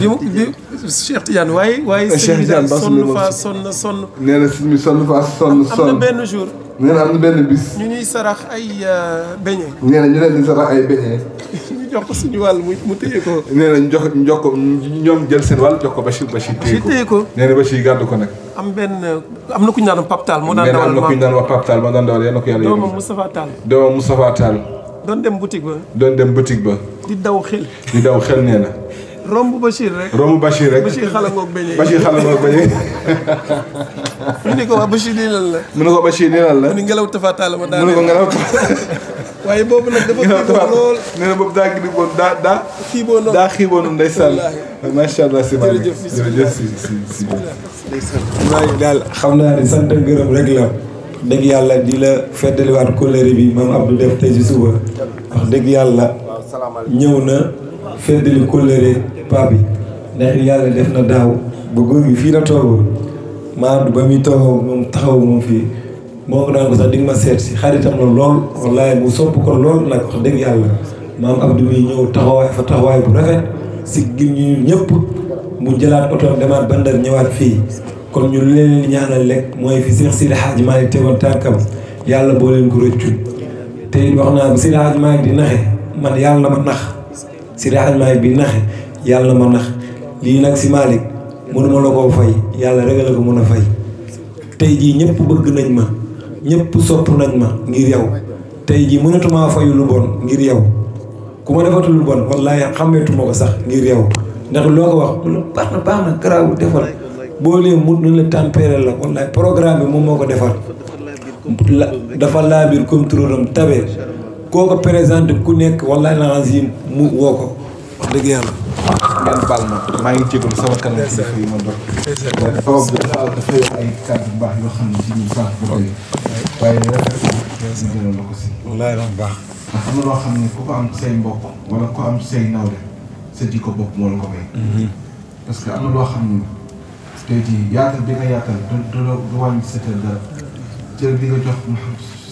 bi mu bi Cheikh Tidiane waaye waaye sëñ bi daal sonn faa sonn sonn nee na sëñ bi sonn faa sonn sonn am na benn jour nee na am na benn bis. ñu ñuy sarax ay euh, beñe. nee na ñu leen di sarax ay beñe. ñu jox ko suñu wàll mu téye ko. nee na ñu jox ñu jox ko ñoom jël seen wàll jox ko ba Bachir. téye ko téye ko nee na Bachir gàddu ko nag. am benn am na ku ñu naan Pape Tall moo daan ku ñu naan wax Pape Tall moo daan dawal yal na ko yàlla yëngu. doomam Moustapha Tall. doomam Moustapha Tall. doon dem boutique ba. doon dem boutique ba. di daw xel. di daw xel nee na. romb Bachir rek. romb Bachir rek Bachir xalangoog beñe. Bachir xalangoog beñe. mu ne ko waa Bachir nii lan la. mu ne ko Bachir nii lan la. mu ne ngelaw tafataala ma daaneel mu ne ko ngelaw waaye boobu nag dafa xiiboo lool nee na boobu daa gidi boon daa daa. xiiboo noonu daa xiiboo noonu ndeysaan. macha allah si maanaam jërëjëf si si si. ndeysaan daal xam naa ne sant gërëm rek la. dëgg yàlla di la feddaliwaat kóllëre bi maam Abdou def tey si suba. wax dëgg yàlla ñëw na. feddali kóllëre paa bi ndax yàlla def na daaw ba góor gi fii la toogoon maanaam ba muy toogoo moom taxaw moom fii moo ko daan ko sax di ma seet si xaritam la lool wallaahi mu sopp ko lool nag wax dëgg yàlla maam Abdou muy ñëw taxawaay fa taxawaay bu rafet si gir ñu ñëpp mu jëlaat oto demaat bandar ñëwaat fii kon ñu leen ñaanal lekk mooy fi Seex Sidi Hadj Malick tegoon tànkam yàlla boo leen ko rëccul te wax naa bu Sidi di naxe man yàlla ma nax si raxalmaay bi naxe yàlla ma nax lii nag si Malick mënuma la koo fay yàlla rek la ko mën a fay tey jii ñëpp bëgg nañ ma ñëpp sopp nañ ma ngir yow tey jii mënatumaa fayu lu bon ngir yow ku ma defatu lu bon wallaahi xàmmeetuma ko sax ngir yow ndax loo ko wax mu ne baax na baax na garaawul defal boo lee mu nu la tempéré la wallaahi programme bi moom moo ko defar dafa laa comme turam tabe koo ko présenté ku nekk wala l'enzyme mu woo ko wax dëgg yàlla. ngeen baal ma maa ngi jégalu sama kanam si fii ma doon. waaw dafa dafa la ko baax. ndax loo xam ne ku ko am say mbokk wala ku am say nawle sa jikko bopp moo la ko may. Mhm. parce que am loo xam ne tey jii yaatal bi nga yaatal du du la du wàññi bi nga jox Mouhamed.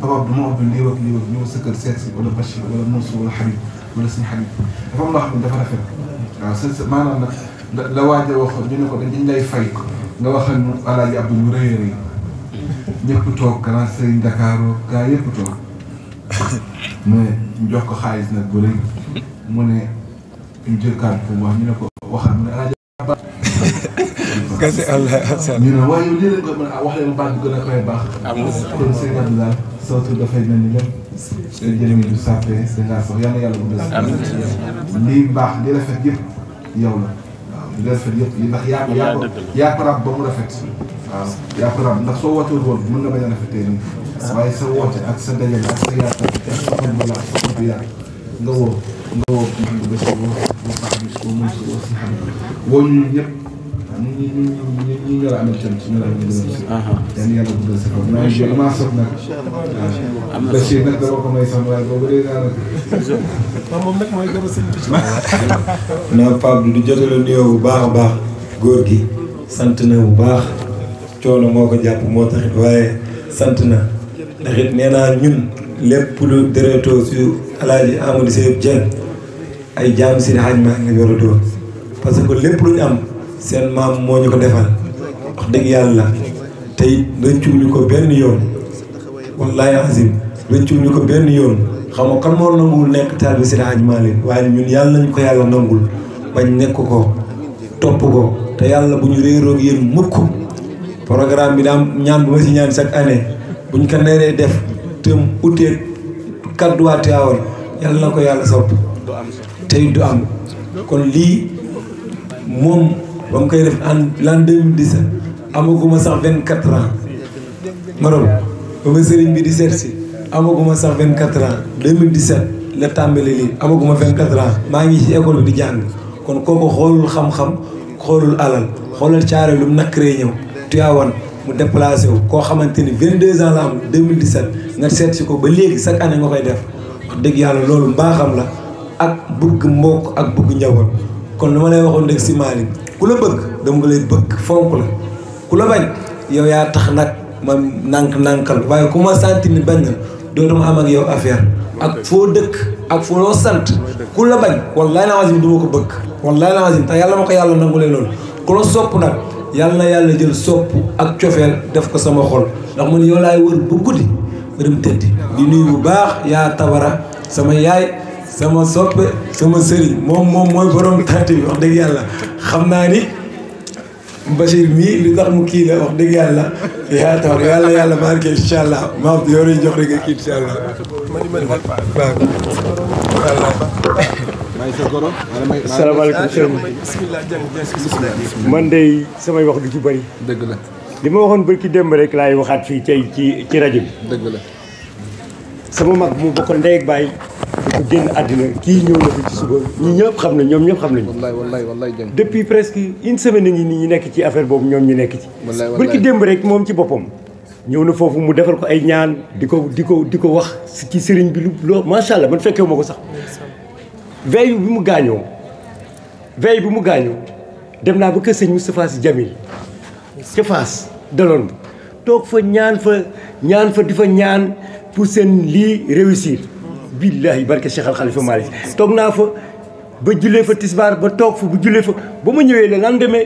papa bi dama wax ne lii wax lii wax ñëw sa kër seet wala Bachir wala Moussa wala Habib wala suñu Habib dafa am loo xam ne dafa rafet waaw sa maanaam nag la waaj a wax ko dañ lay fay nga waxal ñu alaaji Abdou mu rëy a rëy ñëpp toog grand Serigne Dakar gaa yëpp toog mu ne ñu jox ko xaalis nag bu rëy mu ne ko waxal mu ne kese allah asalaam. ñu ne waaye yow lii ko mën a wax leen a koy baax. amul kon sëñ Abdoulaye Sow tur dafay mel ni lépp. sëñ Jérémy du Saafé sëñ laa sox yal na yàlla bu des. amiin lii baax li rafet yëpp yow la. waaw yaa ko yaa ko yaa ko rab ba mu rafet. waaw yaa ko rab ndax soo wooteel woon mën nga bañ a rafetee nii. waaye sa woote ak sa dajale ak sa yaakaar ak sa xol bu sa xol woo nga ñëpp ñu ñu ñu ñu am itam ci ñu la ñu gënal si. yan yàlla guddal sa naa nag. du jotale nuyoo bu baax a baax góor gi sant na bu baax coono moo ko jàpp moo taxit waaye sant na ndax it naa ñun lépp lu dëreetoo su alaaji Amadou Seye Dieng ay jaam si xaaj maa ngi war a doon parce que lépp lu am. seen maam moo ñu ko defal wax dëgg yàlla tey rëccuwuñu ko benn yoon wallaahi azim ñu ko benn yoon xam nga kan moo nanguwul nekk taal si Seydi Hadji Malick waaye ñun yàlla nañ ko yàlla nangul bañ nekk ko topp ko te yàlla bu ñu réeroog yéen mukk programme bi daam ñaan bu ma si ñaan chaque année buñ ko neree def te uteeg kadduwaat yaawoon yàlla ko yàlla sopp tey du am kon lii moom ba mu koy def en l'an 2017 amaguma sax 24 ans morom ba ma sëriñ bi di seet si amaguma sax 24 ans 2017 la tàmbali lii amaguma 24 ans maa ngi ci école bi di jàng kon ko xoolul xam-xam xoolul alal xoolal caare lu mu ree ñëw tuyaawan mu déplacé wu koo xamante ni 22 ans la am 2017 nga seet si ko ba léegi chaque année nga koy def wax yàlla loolu mbaaxam la ak bëgg mbokk ak bëgg njaboot kon lu ma lay waxoon rek si ku la bëgg dama nga lay bëgg fonk la ku la bañ yow yaa tax nag ma nànk nànkal waaye ku ma sant ni bañ na ma am ak yow affaire ak foo dëkk ak foo loo sant ku la bañ wallaay naa wasim du ko bëgg wallaay naa tax yàlla ma ko yàlla nangulee loolu ku la sopp nag yàlla na yàlla jël sopp ak cofeel def ko sama xol ndax man yow laay wër bu guddi ma dem tëddi di nuyu bu baax yaa tabara sama yaay sama soppe sama sëriñ moom moom mooy borom tànt bi wax dëgg yàlla xam naa ni Bachir mii li tax mu kii la wax dëgg yàlla yaa tax yàlla yàlla barke incha allah maa ngi yore jox rek kii incha allah. salaamaaleykum sëñ bi man de samay wax du ci bëri. dëgg la li ma waxoon bërki démb rek laay waxaat fii tey ci ci rajo bi. dëgg la sama mag mu bokk ndey ak baay ku génn àddina kii ñëw na fi ci suba ñi ñëpp xam nañ ñoom ñëpp xam nañ depuis presque une semaine ngi nii nekk ci affaire boobu ñoom ñu nekk ci barki démb rek moom ci boppam ñëw na foofu mu defal ko ay ñaan di ko di ko di ko wax ci sëriñ bi lu loo macha allah man fekkewu ma ko sax veille bi mu gaañoo veille bi mu gaañoo dem naa ba kër sëñ Moustapha Sy Jamil ca Fass daloon toog fa ñaan fa ñaan fa di fa ñaan pour seen lii réussir billahi barke Cheikh Al Khalifa malik fa ba fa tisbar ba tok fa bu fa ma le lendemain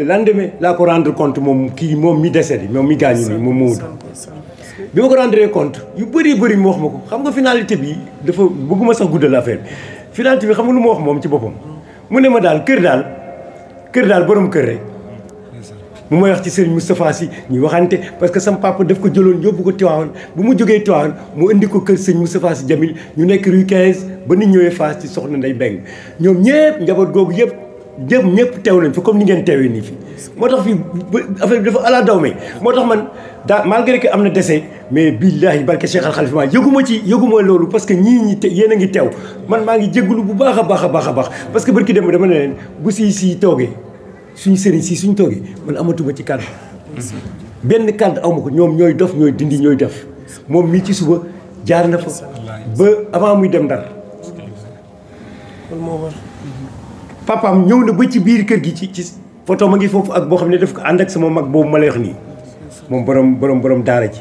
le lendemain la ko rendre compte mom ki mom mi décédé mi rendre compte yu bëri bëri mo wax finalité bi dafa bëgguma sax affaire finalité bi xam nga wax ci ne ma kër mu may wax ci sëriñ Moustapha Sy ñu waxante parce que sama papa daf ko jëloon yóbbu ko Tiwaawan bu mu jógee Tiwaawan mu indi ko kër sëriñ Moustapha Sy Jamil ñu nekk rue 15 ba nu ñëwee Fass ci soxna nday Beng ñoom ñëpp njaboot googu yëpp jëm ñëpp teew nañ fi comme ni ngeen teewee nii fi moo tax fi affaire bi dafa ala daw mee moo tax man daa ngi que am na dese mais billahi barke Cheikh Al Khalifa yëguma ci yëguma loolu parce que ñii ñi te yéen a ngi teew man maa ngi jégalu bu baax a baax a baax a baax parce que barki dem dama ne leen si si toogee suñ sëriñ ci suñ toogee man amatuma ci kàddu benn kàddu awma ko ñoom ñooy dof ñoy dindi ñoy def mom mi ci suba jaar na fa ba avant muy dem papa am ñew na ba ci biir kër gi ci ci photo ma ngi fofu ak bo xam def ko and ak sama mag bo ma lay wax nii moom borom borom borom daara ji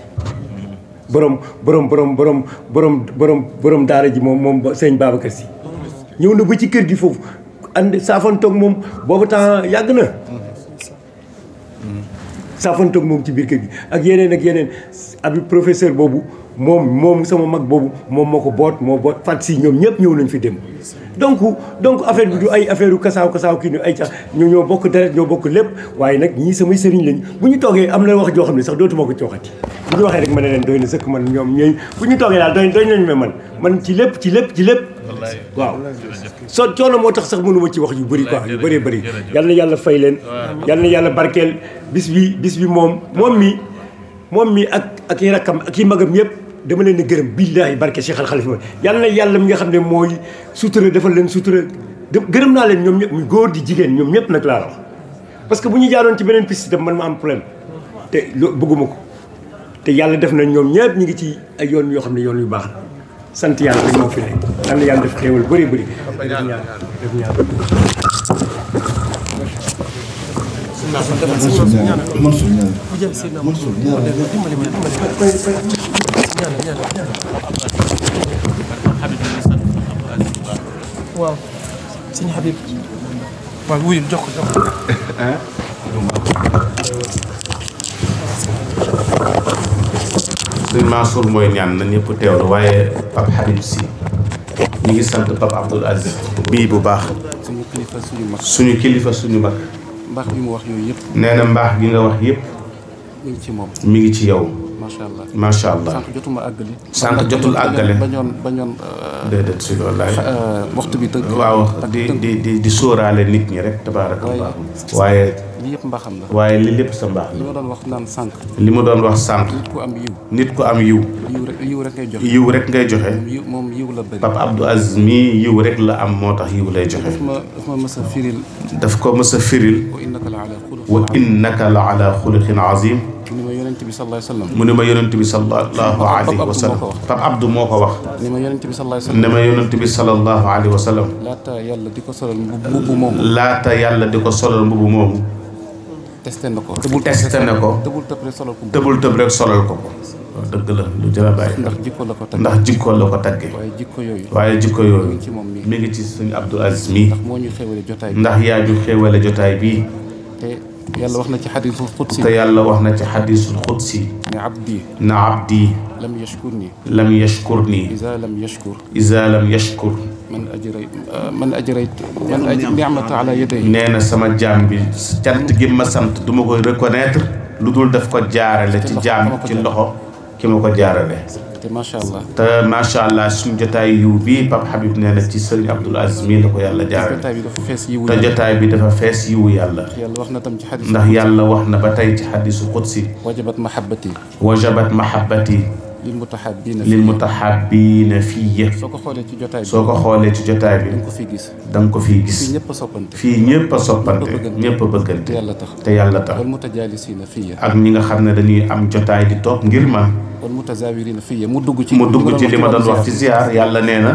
borom borom borom borom borom borom daara ji mom mom seigne babakar si ñew na ba ci kër gi fofu andi saafantoog moom boobu temps yàgg na mm-hmm. saafantoog moom ci biir bi ak yeneen ak yeneen abi professeur boobu moom moom sama mag boobu moom moo ko boot moo boot fat si ñoom ñëpp ñëw nañ fi dem donc donc affaire bi du ay affaire u kasaaw kasaaw kii ni ay ca ñoo ñoo bokk deret ñoo bokk lépp waaye nag ñii samay sëriñ lañ bu ñu am na wax joo xam sax dootuma ko cooxati bu ñu waxee rek ma ne leen doy man ñoom ñooy bu ñu toogee daal doy doy man man ci lépp ci lépp ci lépp waaw so coono moo tax sax mënuma ci wax yu bëri quoi yu bëree bëri yal na yàlla fay leen yal na yàlla barkeel bis bi bis bi moom moom mi moom mi ak ak i ak i magam yëpp dama leen a gërëm billaahi barke Cheikh Al Khalifa yàlla na yàlla mi nga xam ne mooy sutura defal leen sutura gërëm naa leen ñoom ñëpp muy góor di jigéen ñoom ñëpp nag laa wax parce que bu ñu jaaroon ci beneen piste itam man ma am problème te loo bëgguma ko te yàlla def na ñoom ñëpp ñu ngi ci ay yoon yoo xam ne yoon yu baax la sant yàlla rek moo fi nekk yàlla yàlla def xéewal bëri bëri def ñaar def ñaar Mansour ñaar Mansour ñaar waaw sëñ Habib waaw wuyul jox ko jox ko mooy ñaan na ñëpp teewlu waaye Pape Habib si ñu ngi sant Pape Abdoul Aziz bii bu baax suñu kilifa suñu mag mbaax bi mu wax yooyu yëpp nee na mbaax gi nga wax yëpp mi mi ngi ci yow macha allah macha allah sànq jotuma àggali. sànq jotul àggale bañoon bañoon euh, déedéet si loolu laay euh, waxtu bi tëgg. waaw di di di nit ñi rek tabaarakallah waaye. li yëpp mbaaxam la waaye li lépp sa mbaax la. li ma doon wax naan sànq. li ma doon wax sànq. nit ku am yiw nit ku am yiw. yiw rek yiw ngay joxe. yiw rek ngay joxe. moom yiw la bëri. Pape Abdou Aziz mii rek la am moo tax yiw lay joxe. daf ma daf ma mës a firil. daf ko mës firil. wa innaka la ala xuluqin azim. يونتبي صلى الله عليه وسلم منما يونتبي صلى الله عليه وسلم باب عبد موكو واخ نيما يونتبي صلى الله عليه وسلم نيما يونتبي صلى الله عليه وسلم لا تا يالا ديكو سولال مبو موم لا تا يالا ديكو سولال مبو موم تستن نكو تبول تستن نكو تبول تب رك سولال كو تبول تب رك سولال كو لو جلا باي ندخ جيكو لاكو واي جيكو يوي واي جيكو يوي ميغي تي عبد العزيز مي ندخ مو ني خيوله جو خيوله يلا واحنا في حديث القدسي طيب، يلا واحنا في حديث القدسي عبدي نعبدي لم يشكرني لم يشكرني اذا لم يشكر اذا لم يشكر من اجري من اجريت من اجري نعمه على يدي نانا سما جامبي سانت جي ما سانت دوما كو ريكونيتر لودول داف كو جارالي تي جام تي te macha allah te macha allah suñu jotaay yiw bii Pape Habib nee na ci sëriñ Abdoul Aziz mii la ko yàlla jaare te jotaay bi dafa fees yiwu yàlla ndax yàlla wax na ba tey ci xadisu qudsi wajabat mahabbati wajabat mahabbati للمتحابين للمتحابين فيا soo ko xoolee ci jotaay bi soo ko xoolee ci jotaay bi da nga ko fiy gis da nga ko fiy gis fii ñëpp a soppante fii ñëpp a soppante ñëpp a bëggante te yàlla tax te yàlla tax wal mutajalisina fiya ak ñi nga xam ne dañuy am jotaay di toog ngir man wal mutazawirina fiya mu dugg ci mu dugg ci li ma doon wax ci ziar yàlla nee na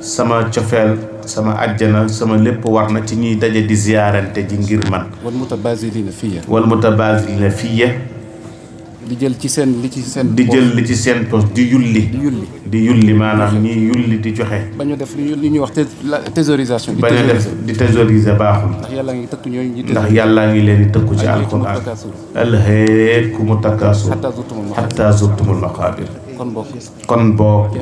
sama cofeel sama àjjana sama lépp war na ci ñuy daje di ziarante ji ngir man wal mutabazilina fiya wal mutabazilina fiya di jël ci seen li ci seen. di jël li ci seen poche di yulli. di yulli di yulli maanaam ñiy yulli di joxe. ba ñu def li ñuy wax thésaurisation. di bañ a def di thésauriser baaxul. ndax yàlla ngi tëkku ñooñu ñi ndax yàlla ngi leen di tëkku ci alxuraan. alhaakumu takaasur. hattaa zurtumul maqaabir. kon boo kon boog.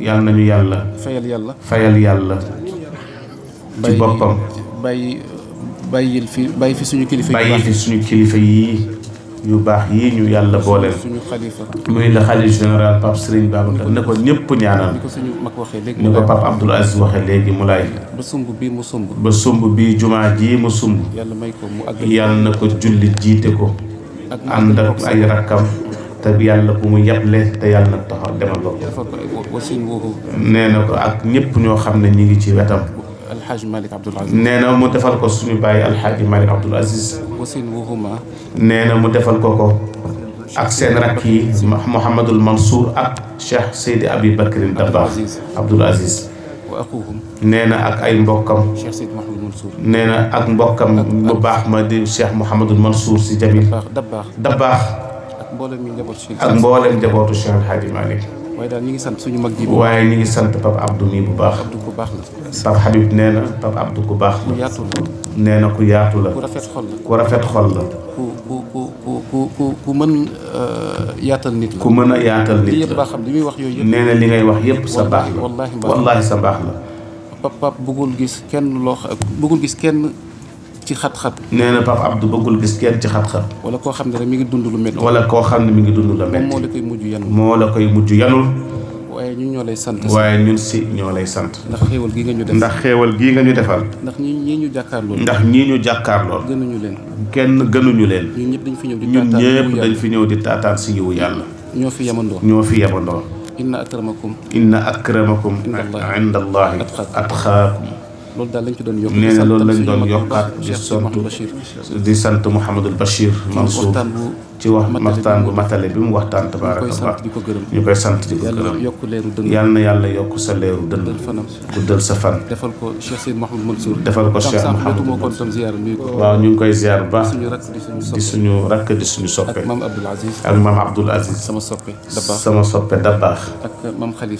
yàlla nañu yàlla. fayal yàlla. fayal yàlla. ci boppam. bàyyi bàyyil fi bàyyi fi suñu kilifa yi. bàyyi yi. yu baax yi ñu yàlla booleel muy le xalif général Pape Serigne am na ko ñëpp ñaanal ni ko Pape Abdoul Aziz waxee léegi mu laay ba sumb bii mu sumb ba sumb bii jumaa ji mu sumb yàlla may ko julli jiite ko ànd ak ay rakkam te yàlla bu mu yable te yàlla na taxaw demal bopp nee na ko ak ñëpp ñoo xam ne ñu ngi ci wetam الحاج مالك عبد العزيز نانا متفلكو سوني باي الحاج مالك عبد العزيز وسين وهما نانا متفلكو اك سين راكي محمد المنصور اك شيخ سيدي ابي بكر الدبا عبد العزيز واخوهم نانا اك اي مبوكم شيخ سيدي محمد المنصور نانا اك مبوكم بو باخ ما دي شيخ محمد المنصور سي جميل دباخ دباخ اك مبولم جابوتو شيخ الحاج مالك waaye daal ñu ngi sant suñu mag ji. waaye ñu ngi sant Pape Abdou mii bu baax. Abdou ku baax la. Pape Habib nee na Pape Abdou ku baax la. ku yaatu la. nee na ku yaatu la. ku rafet xol la. ku rafet xol la. ku ku ku ku ku ku mën euh, yaatal nit la. ku mën a yaatal nit la. yëpp baaxam li muy wax yooyu yëpp. nee na li ngay wax yëpp sa baax la. wallaahi sa baax la. Pape Pape bëggul gis kenn loo xam bëggul gis kenn. ci xat-xat nee na Pape Abdou bëggul gis kenn ci xat-xat wala koo xam ne rek mi ngi dund lu métti wala koo xam ne mi ngi dund lu métti moo la koy mujj yanul moo la koy mujj yanul waaye ñun ñoo lay sant waaye ñun si ñoo lay sant ndax xéewal gii nga ñu defal ndax xéewal gii nga ñu defal ndax ñii ñii ñu jàkkaarloo ndax ñii ñu jàkkaarloo gënuñu leen kenn gënuñu leen ñun ñëpp dañ fi ñëw di ñun ñëpp dañ fi ñëw di taataan si yiwu yàlla ñoo fi yemandoo ñoo fi yemandoo inna akramakum inna akramakum inda allahi atqaakum loolu daal lañ ci doon yokk nee na loolu lañ doon yokkaat di sant di sant Mouhamadul Bachir Mansour ci wax waxtaan bu matale bi mu waxtaan tabaarakallah ñu koy sant di ko gërëm yal na yàlla yokk sa leeru dënn guddal sa fan defal ko Cheikh Mouhamadou Mansour defal ko Cheikh Mouhamadou Mansour waaw ñu ngi koy ziar bu baax di suñu rakk di suñu soppe ak maam Abdoul Aziz sama soppe sama soppe da baax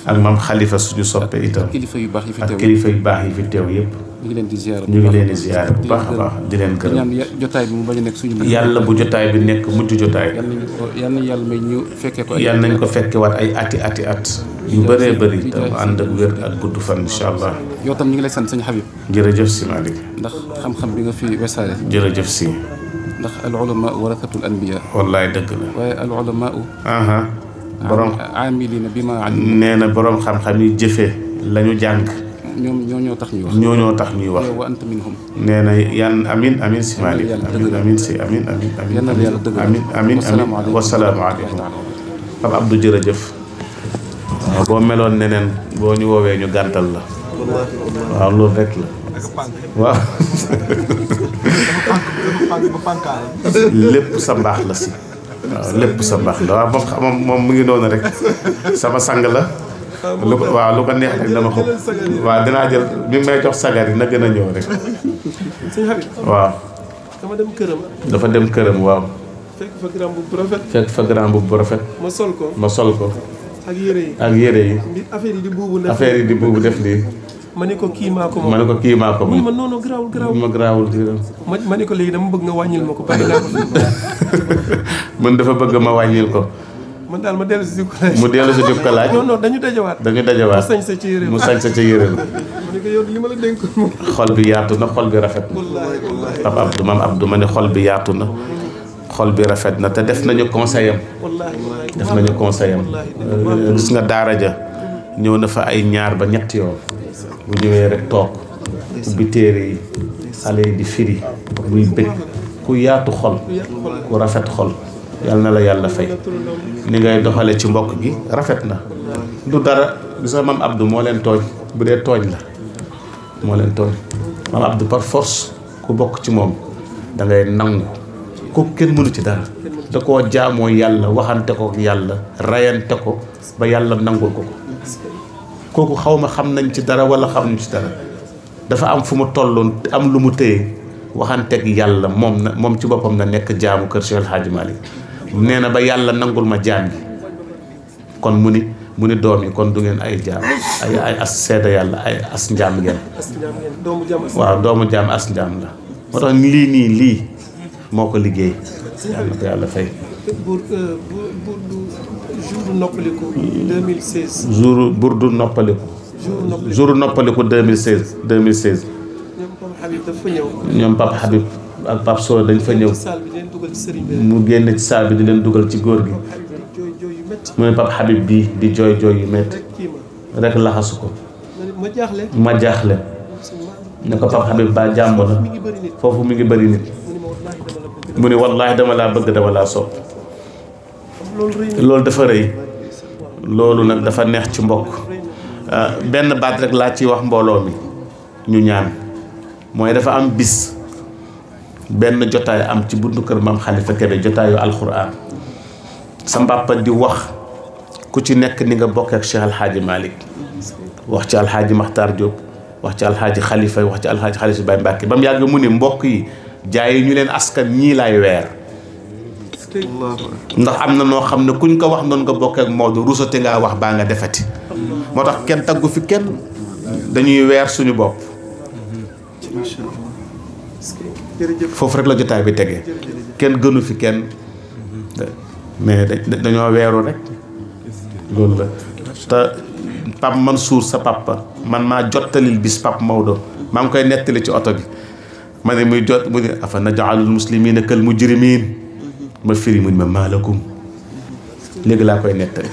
ak maam Khalifa suñu soppe itam ak kilifa yu baax yi fi teew ñu ngi leen di ziar ñu ngi leen di ziar bu baax a baax di leen gërëm jotaay bi mu bañ a nekk suñu yàlla bu jotaay bi nekk mujj jotaay yal nañu ko yal nañu yàlla may ñu fekkee ko yal nañ ko fekkee waat ay ati ati at yu bëree bëri te ànd ak wér ak gudd fan incha allah yow tam ñu ngi lay sant sëñ Habib jëf si Malick ndax xam-xam bi nga fi wesaare jëf si ndax al ulama warasatul anbiya wallaay dëgg la waaye al ulama borom amilina bi ma nee na borom xam-xam yi jëfee lañu jàng ñoom ñoo ñoo tax ñuy wax. tax ñuy wa anta minhum. nee na yan amin amin si Malick. amin amin si amin amin amin. yan yàlla dëgg boo meloon neneen boo ñu woowee ñu gàntal la. waaw loolu rek la. waaw. lépp sa mbaax la si. waaw lépp sa mbaax la waaw moom mu ngi noonu rek sama sang la. lu ko waaw lu ko neex rek dama ko waaw dinaa jël bi may jox sagar yi na gën a ñëw rek waaw dama këram dafa dem këram waaw fekk fa grand bu rafet fekk fa grand bu rafet ma sol ko ma sol ko ak yére yi ak yére yi yi di buubu yi di buubu def lii ma ne ko kii maa ko moom ma ne ko kii maa ko moom ma noonu garaawul garaawul ma garaawul ko léegi dama bëgg nga wàññil ko bàyyi dafa bëgg ma wàññil ko man daal ma dellu mu dellu si jub kalaaj non non dañu dajawaat dañu dajawaat mu sañ sa ci yërëm mu sañ sa ci yërëm mu xol bi yaatu na xol bi rafet na Pape Abdou maam Abdou ma ne xol bi yaatu na xol bi rafet na te def nañu conseil am def nañu conseil am euh, gis nga daara ja ñëw na fa ay ñaar ba ñetti yoon bu ñëwee rek toog ubbi téere yi xale yi di firi muy bëgg ku yaatu xol ku rafet xol yàlla na la yàlla fay ni ngay doxale ci mbokk gi rafet na lu dara sa maam Abdou moo leen tooñ bu dee tooñ la moo leen tooñ maam Abdou par force ku bokk ci moom da nangu ko kenn mënu ci dara koo jaamoo yàlla waxante ko yàlla rayante ko ba yàlla nangul ko ko kooku xaw ma xam nañ ci dara wala xamuñ ci dara dafa am fu mu tolloon am lu mu téye waxanteeg yàlla moom na moom ci boppam na nekk jaamu kër Cheikh El Hadj Malick nee na ba yàlla nangul ma jaam gi kon mu ni mu ni doom yi kon du ngeen ay jaam ay ay as seeda yàlla ay as njaam ngeen waaw doomu jaam as njaam la moo tax lii nii lii moo ko liggéey yàlla ko yàlla fay euh, jour noppaliku 2016. jour burdu noppaliku. ñoom Pape Habib ak Pape Solo dañ fa ñëw mu génn ci saal bi di leen dugal ci góor gi mu ne Pape Habib bii di jooy jooy yu métti rek laxasu ko ma jaaxle ne ko Pape Habib ba jàmm la foofu mi ngi bari nit mu ne wallaahi dama laa bëgg dama laa sopp loolu dafa rëy loolu nag dafa neex ci mbokk ah, benn baat rek laa ci wax mbooloo mi ñu ñaan mooy dafa am bis benn jotaay am ci buntu kër maam Khalifa Kébé jotaayu alxuraan sa mbàppa di wax ku ci nekk ni nga bokkee ak Cheikh Alxaaji Malick wax ci Alxaaji Maxtaar Diop wax ci Alxaaji xalifa wax ci Alxaaji Khalifa Baye Mbàkke ba mu mu ne mbokk yi jaay ñu leen askan ñii laay weer ndax am na noo xam ne kuñ ko wax noonu nga bokkee ak Maodo ngaa wax baa nga defati moo tax kenn taggu fi kenn dañuy weer suñu bopp foofu rek la jotaay bi tegee kenn gënu fi kenn mais dañoo weeru rek loolu la te man Mansour sa papa man maa jottalil bis Pape Maodo maa ngi koy nettali ci oto bi ma ne muy jot mu ne afa najaalul muslimina kal mujrimin ma firi mu ne ma maalakum léegi laa koy nettali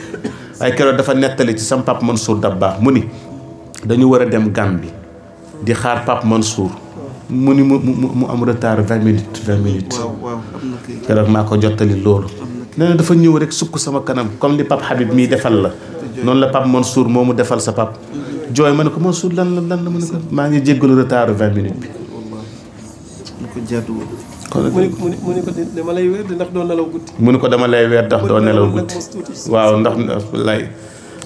waaye keroog dafa nettali ci sam Pape Mansour baax mu ni dañu war a dem Gàmbi di xaar Pape Mansour mu ni mu mu mu amul retard vingt minutes vingt minutes. maa ko jottali loolu. nee na dafa ñëw rek sukk sama kanam comme li Pape xabit mii defal la. noonu la suur moo mu defal sa papp mm-hmm. jooy ma ne ko Mansour lan la lan la ma maa ngi jéggalu retard vingt minutes bi. kon nag mu ne mu ne ko dama lay weer ndax doo nelaw guddi. mu ne ko ndax doo nelaw guddi. waaw ndax lay.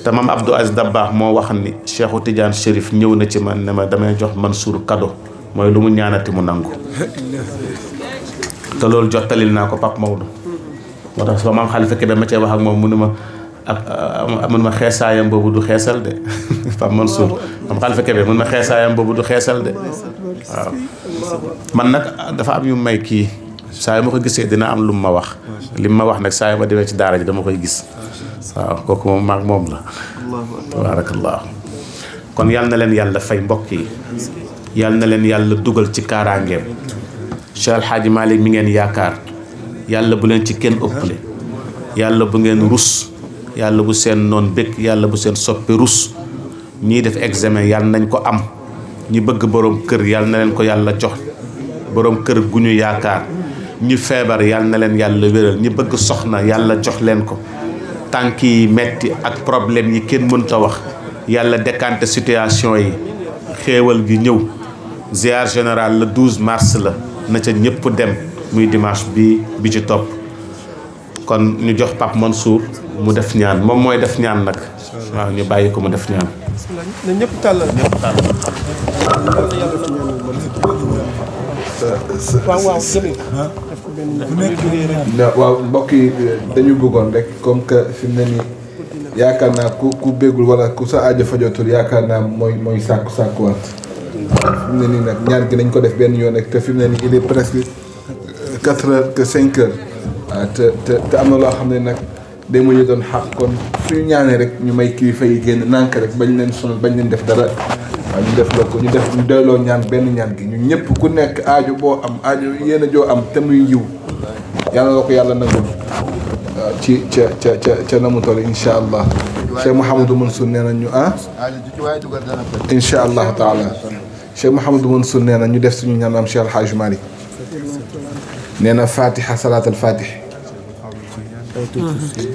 te maam Abdou Aziz Dabakh moo wax ni Cheikhou Tidiane Chérif ñëw na ci man ne ma damay jox Mansour cadeau. moy lu mu ñaanati mu nangu ta lol jotalil nako pap mawdu motax moo tax sama maam xalifa ki dama cee wax ak mom mu numa ma ak mun ma xeesaayam du xessal de pap Mansour am Xalifa Kebe mu numa xessayam bobu du xessal de man nak dafa am yu may ki saa yu ma ko gisee dina am lu ma wax lim ma wax nak saa ba dewe ci dara ji dama koy gis waaw koku mom mak mom la tabarakallah kon yal na leen yàlla fay mbokk yi yal na leen yàlla dugal ci kaaraangeem Cheikh El Hadj mi ngeen yaakaar yàlla bu leen ci kenn ëppale yàlla bu ngeen rus yàlla bu seen noon bëgg yàlla bu seen soppe rus ñii def examen yàlla nañ ko am ñi bëgg borom kër yàlla na leen ko yàlla jox borom kër gu ñu yaakaar ñi feebar yàlla na leen yàlla wéral ñi bëgg soxna yàlla jox leen ko tànk yi metti ak problème yi kenn mënta wax yàlla décanté situation yi xéewal gi ñëw ziar général la douze mars la na ca ñëpp dem muy dimanche bi bi ci topp kon ñu jox Pape Mansour mu def ñaan moom mooy def ñaan nag waaw ñu bàyyi ko mu def ñaan na ñëpp tàllal waaw mbokk yi dañu bëggoon rek comme que fi mu ne nii yaakaar naa ku ku béggul wala ku sa aajo fajotul yaakaar naa mooy mooy sàkku sàkkuwaat fi mu ne nii ñaar gi nañ ko def benn yoon rek fi mu ne nii il est presque quatre heures am na loo xam ne nag day mujj doon xaq kon suñu ñaanee rek ñu may kilifa yi génn nànk bañ leen sonal bañ leen def dara def la ko ñu def ñu doyloo ñaan benn ñaan gi ñu ñëpp ku nekk aajo boo am aajo yéen a joo am te muy yiw yàlla la ko yàlla nangul ci ca ca ca ca na mu toll incha allah Cheikh Mouhamadou Mansour nee na ñu ah incha allah taala شيخ محمد بن نينا ني ديف سونو نيام شيخ الحاج مالي نينا فاتحه صلاه الفاتح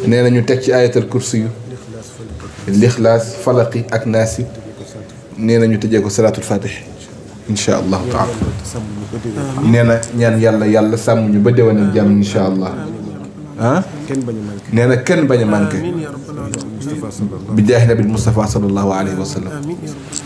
نينا ني ايه الكرسي الاخلاص فلقي أكناسي ناسي نينا صلاه الفاتح ان شاء الله تعالى نينا نيان يالا يالا سامو ني با ديوان جام ان شاء الله ها نينا كن باني مانك امين يا رب العالمين بالمصطفى صلى الله عليه وسلم امين يا رب العالمين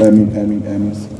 Amin, amin, amin.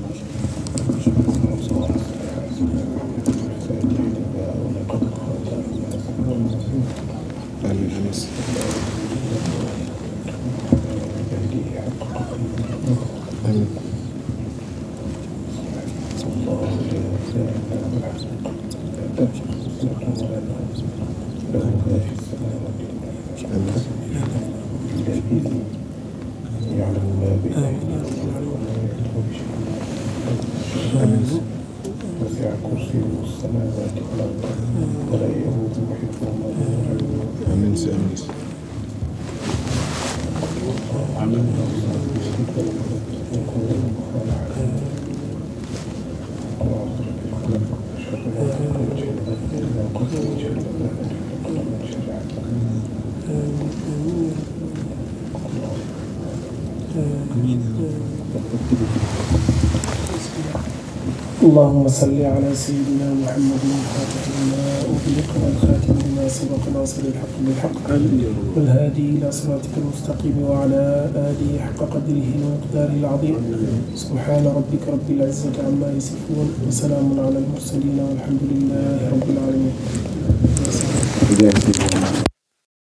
اللهم صل على سيدنا محمد الفاتح لما أغلق والخاتم لما سبق ناصر الحق بالحق والهادي إلى صراطك المستقيم وعلى آله حق قدره ومقداره العظيم سبحان ربك رب العزة عما يصفون وسلام على المرسلين والحمد لله رب العالمين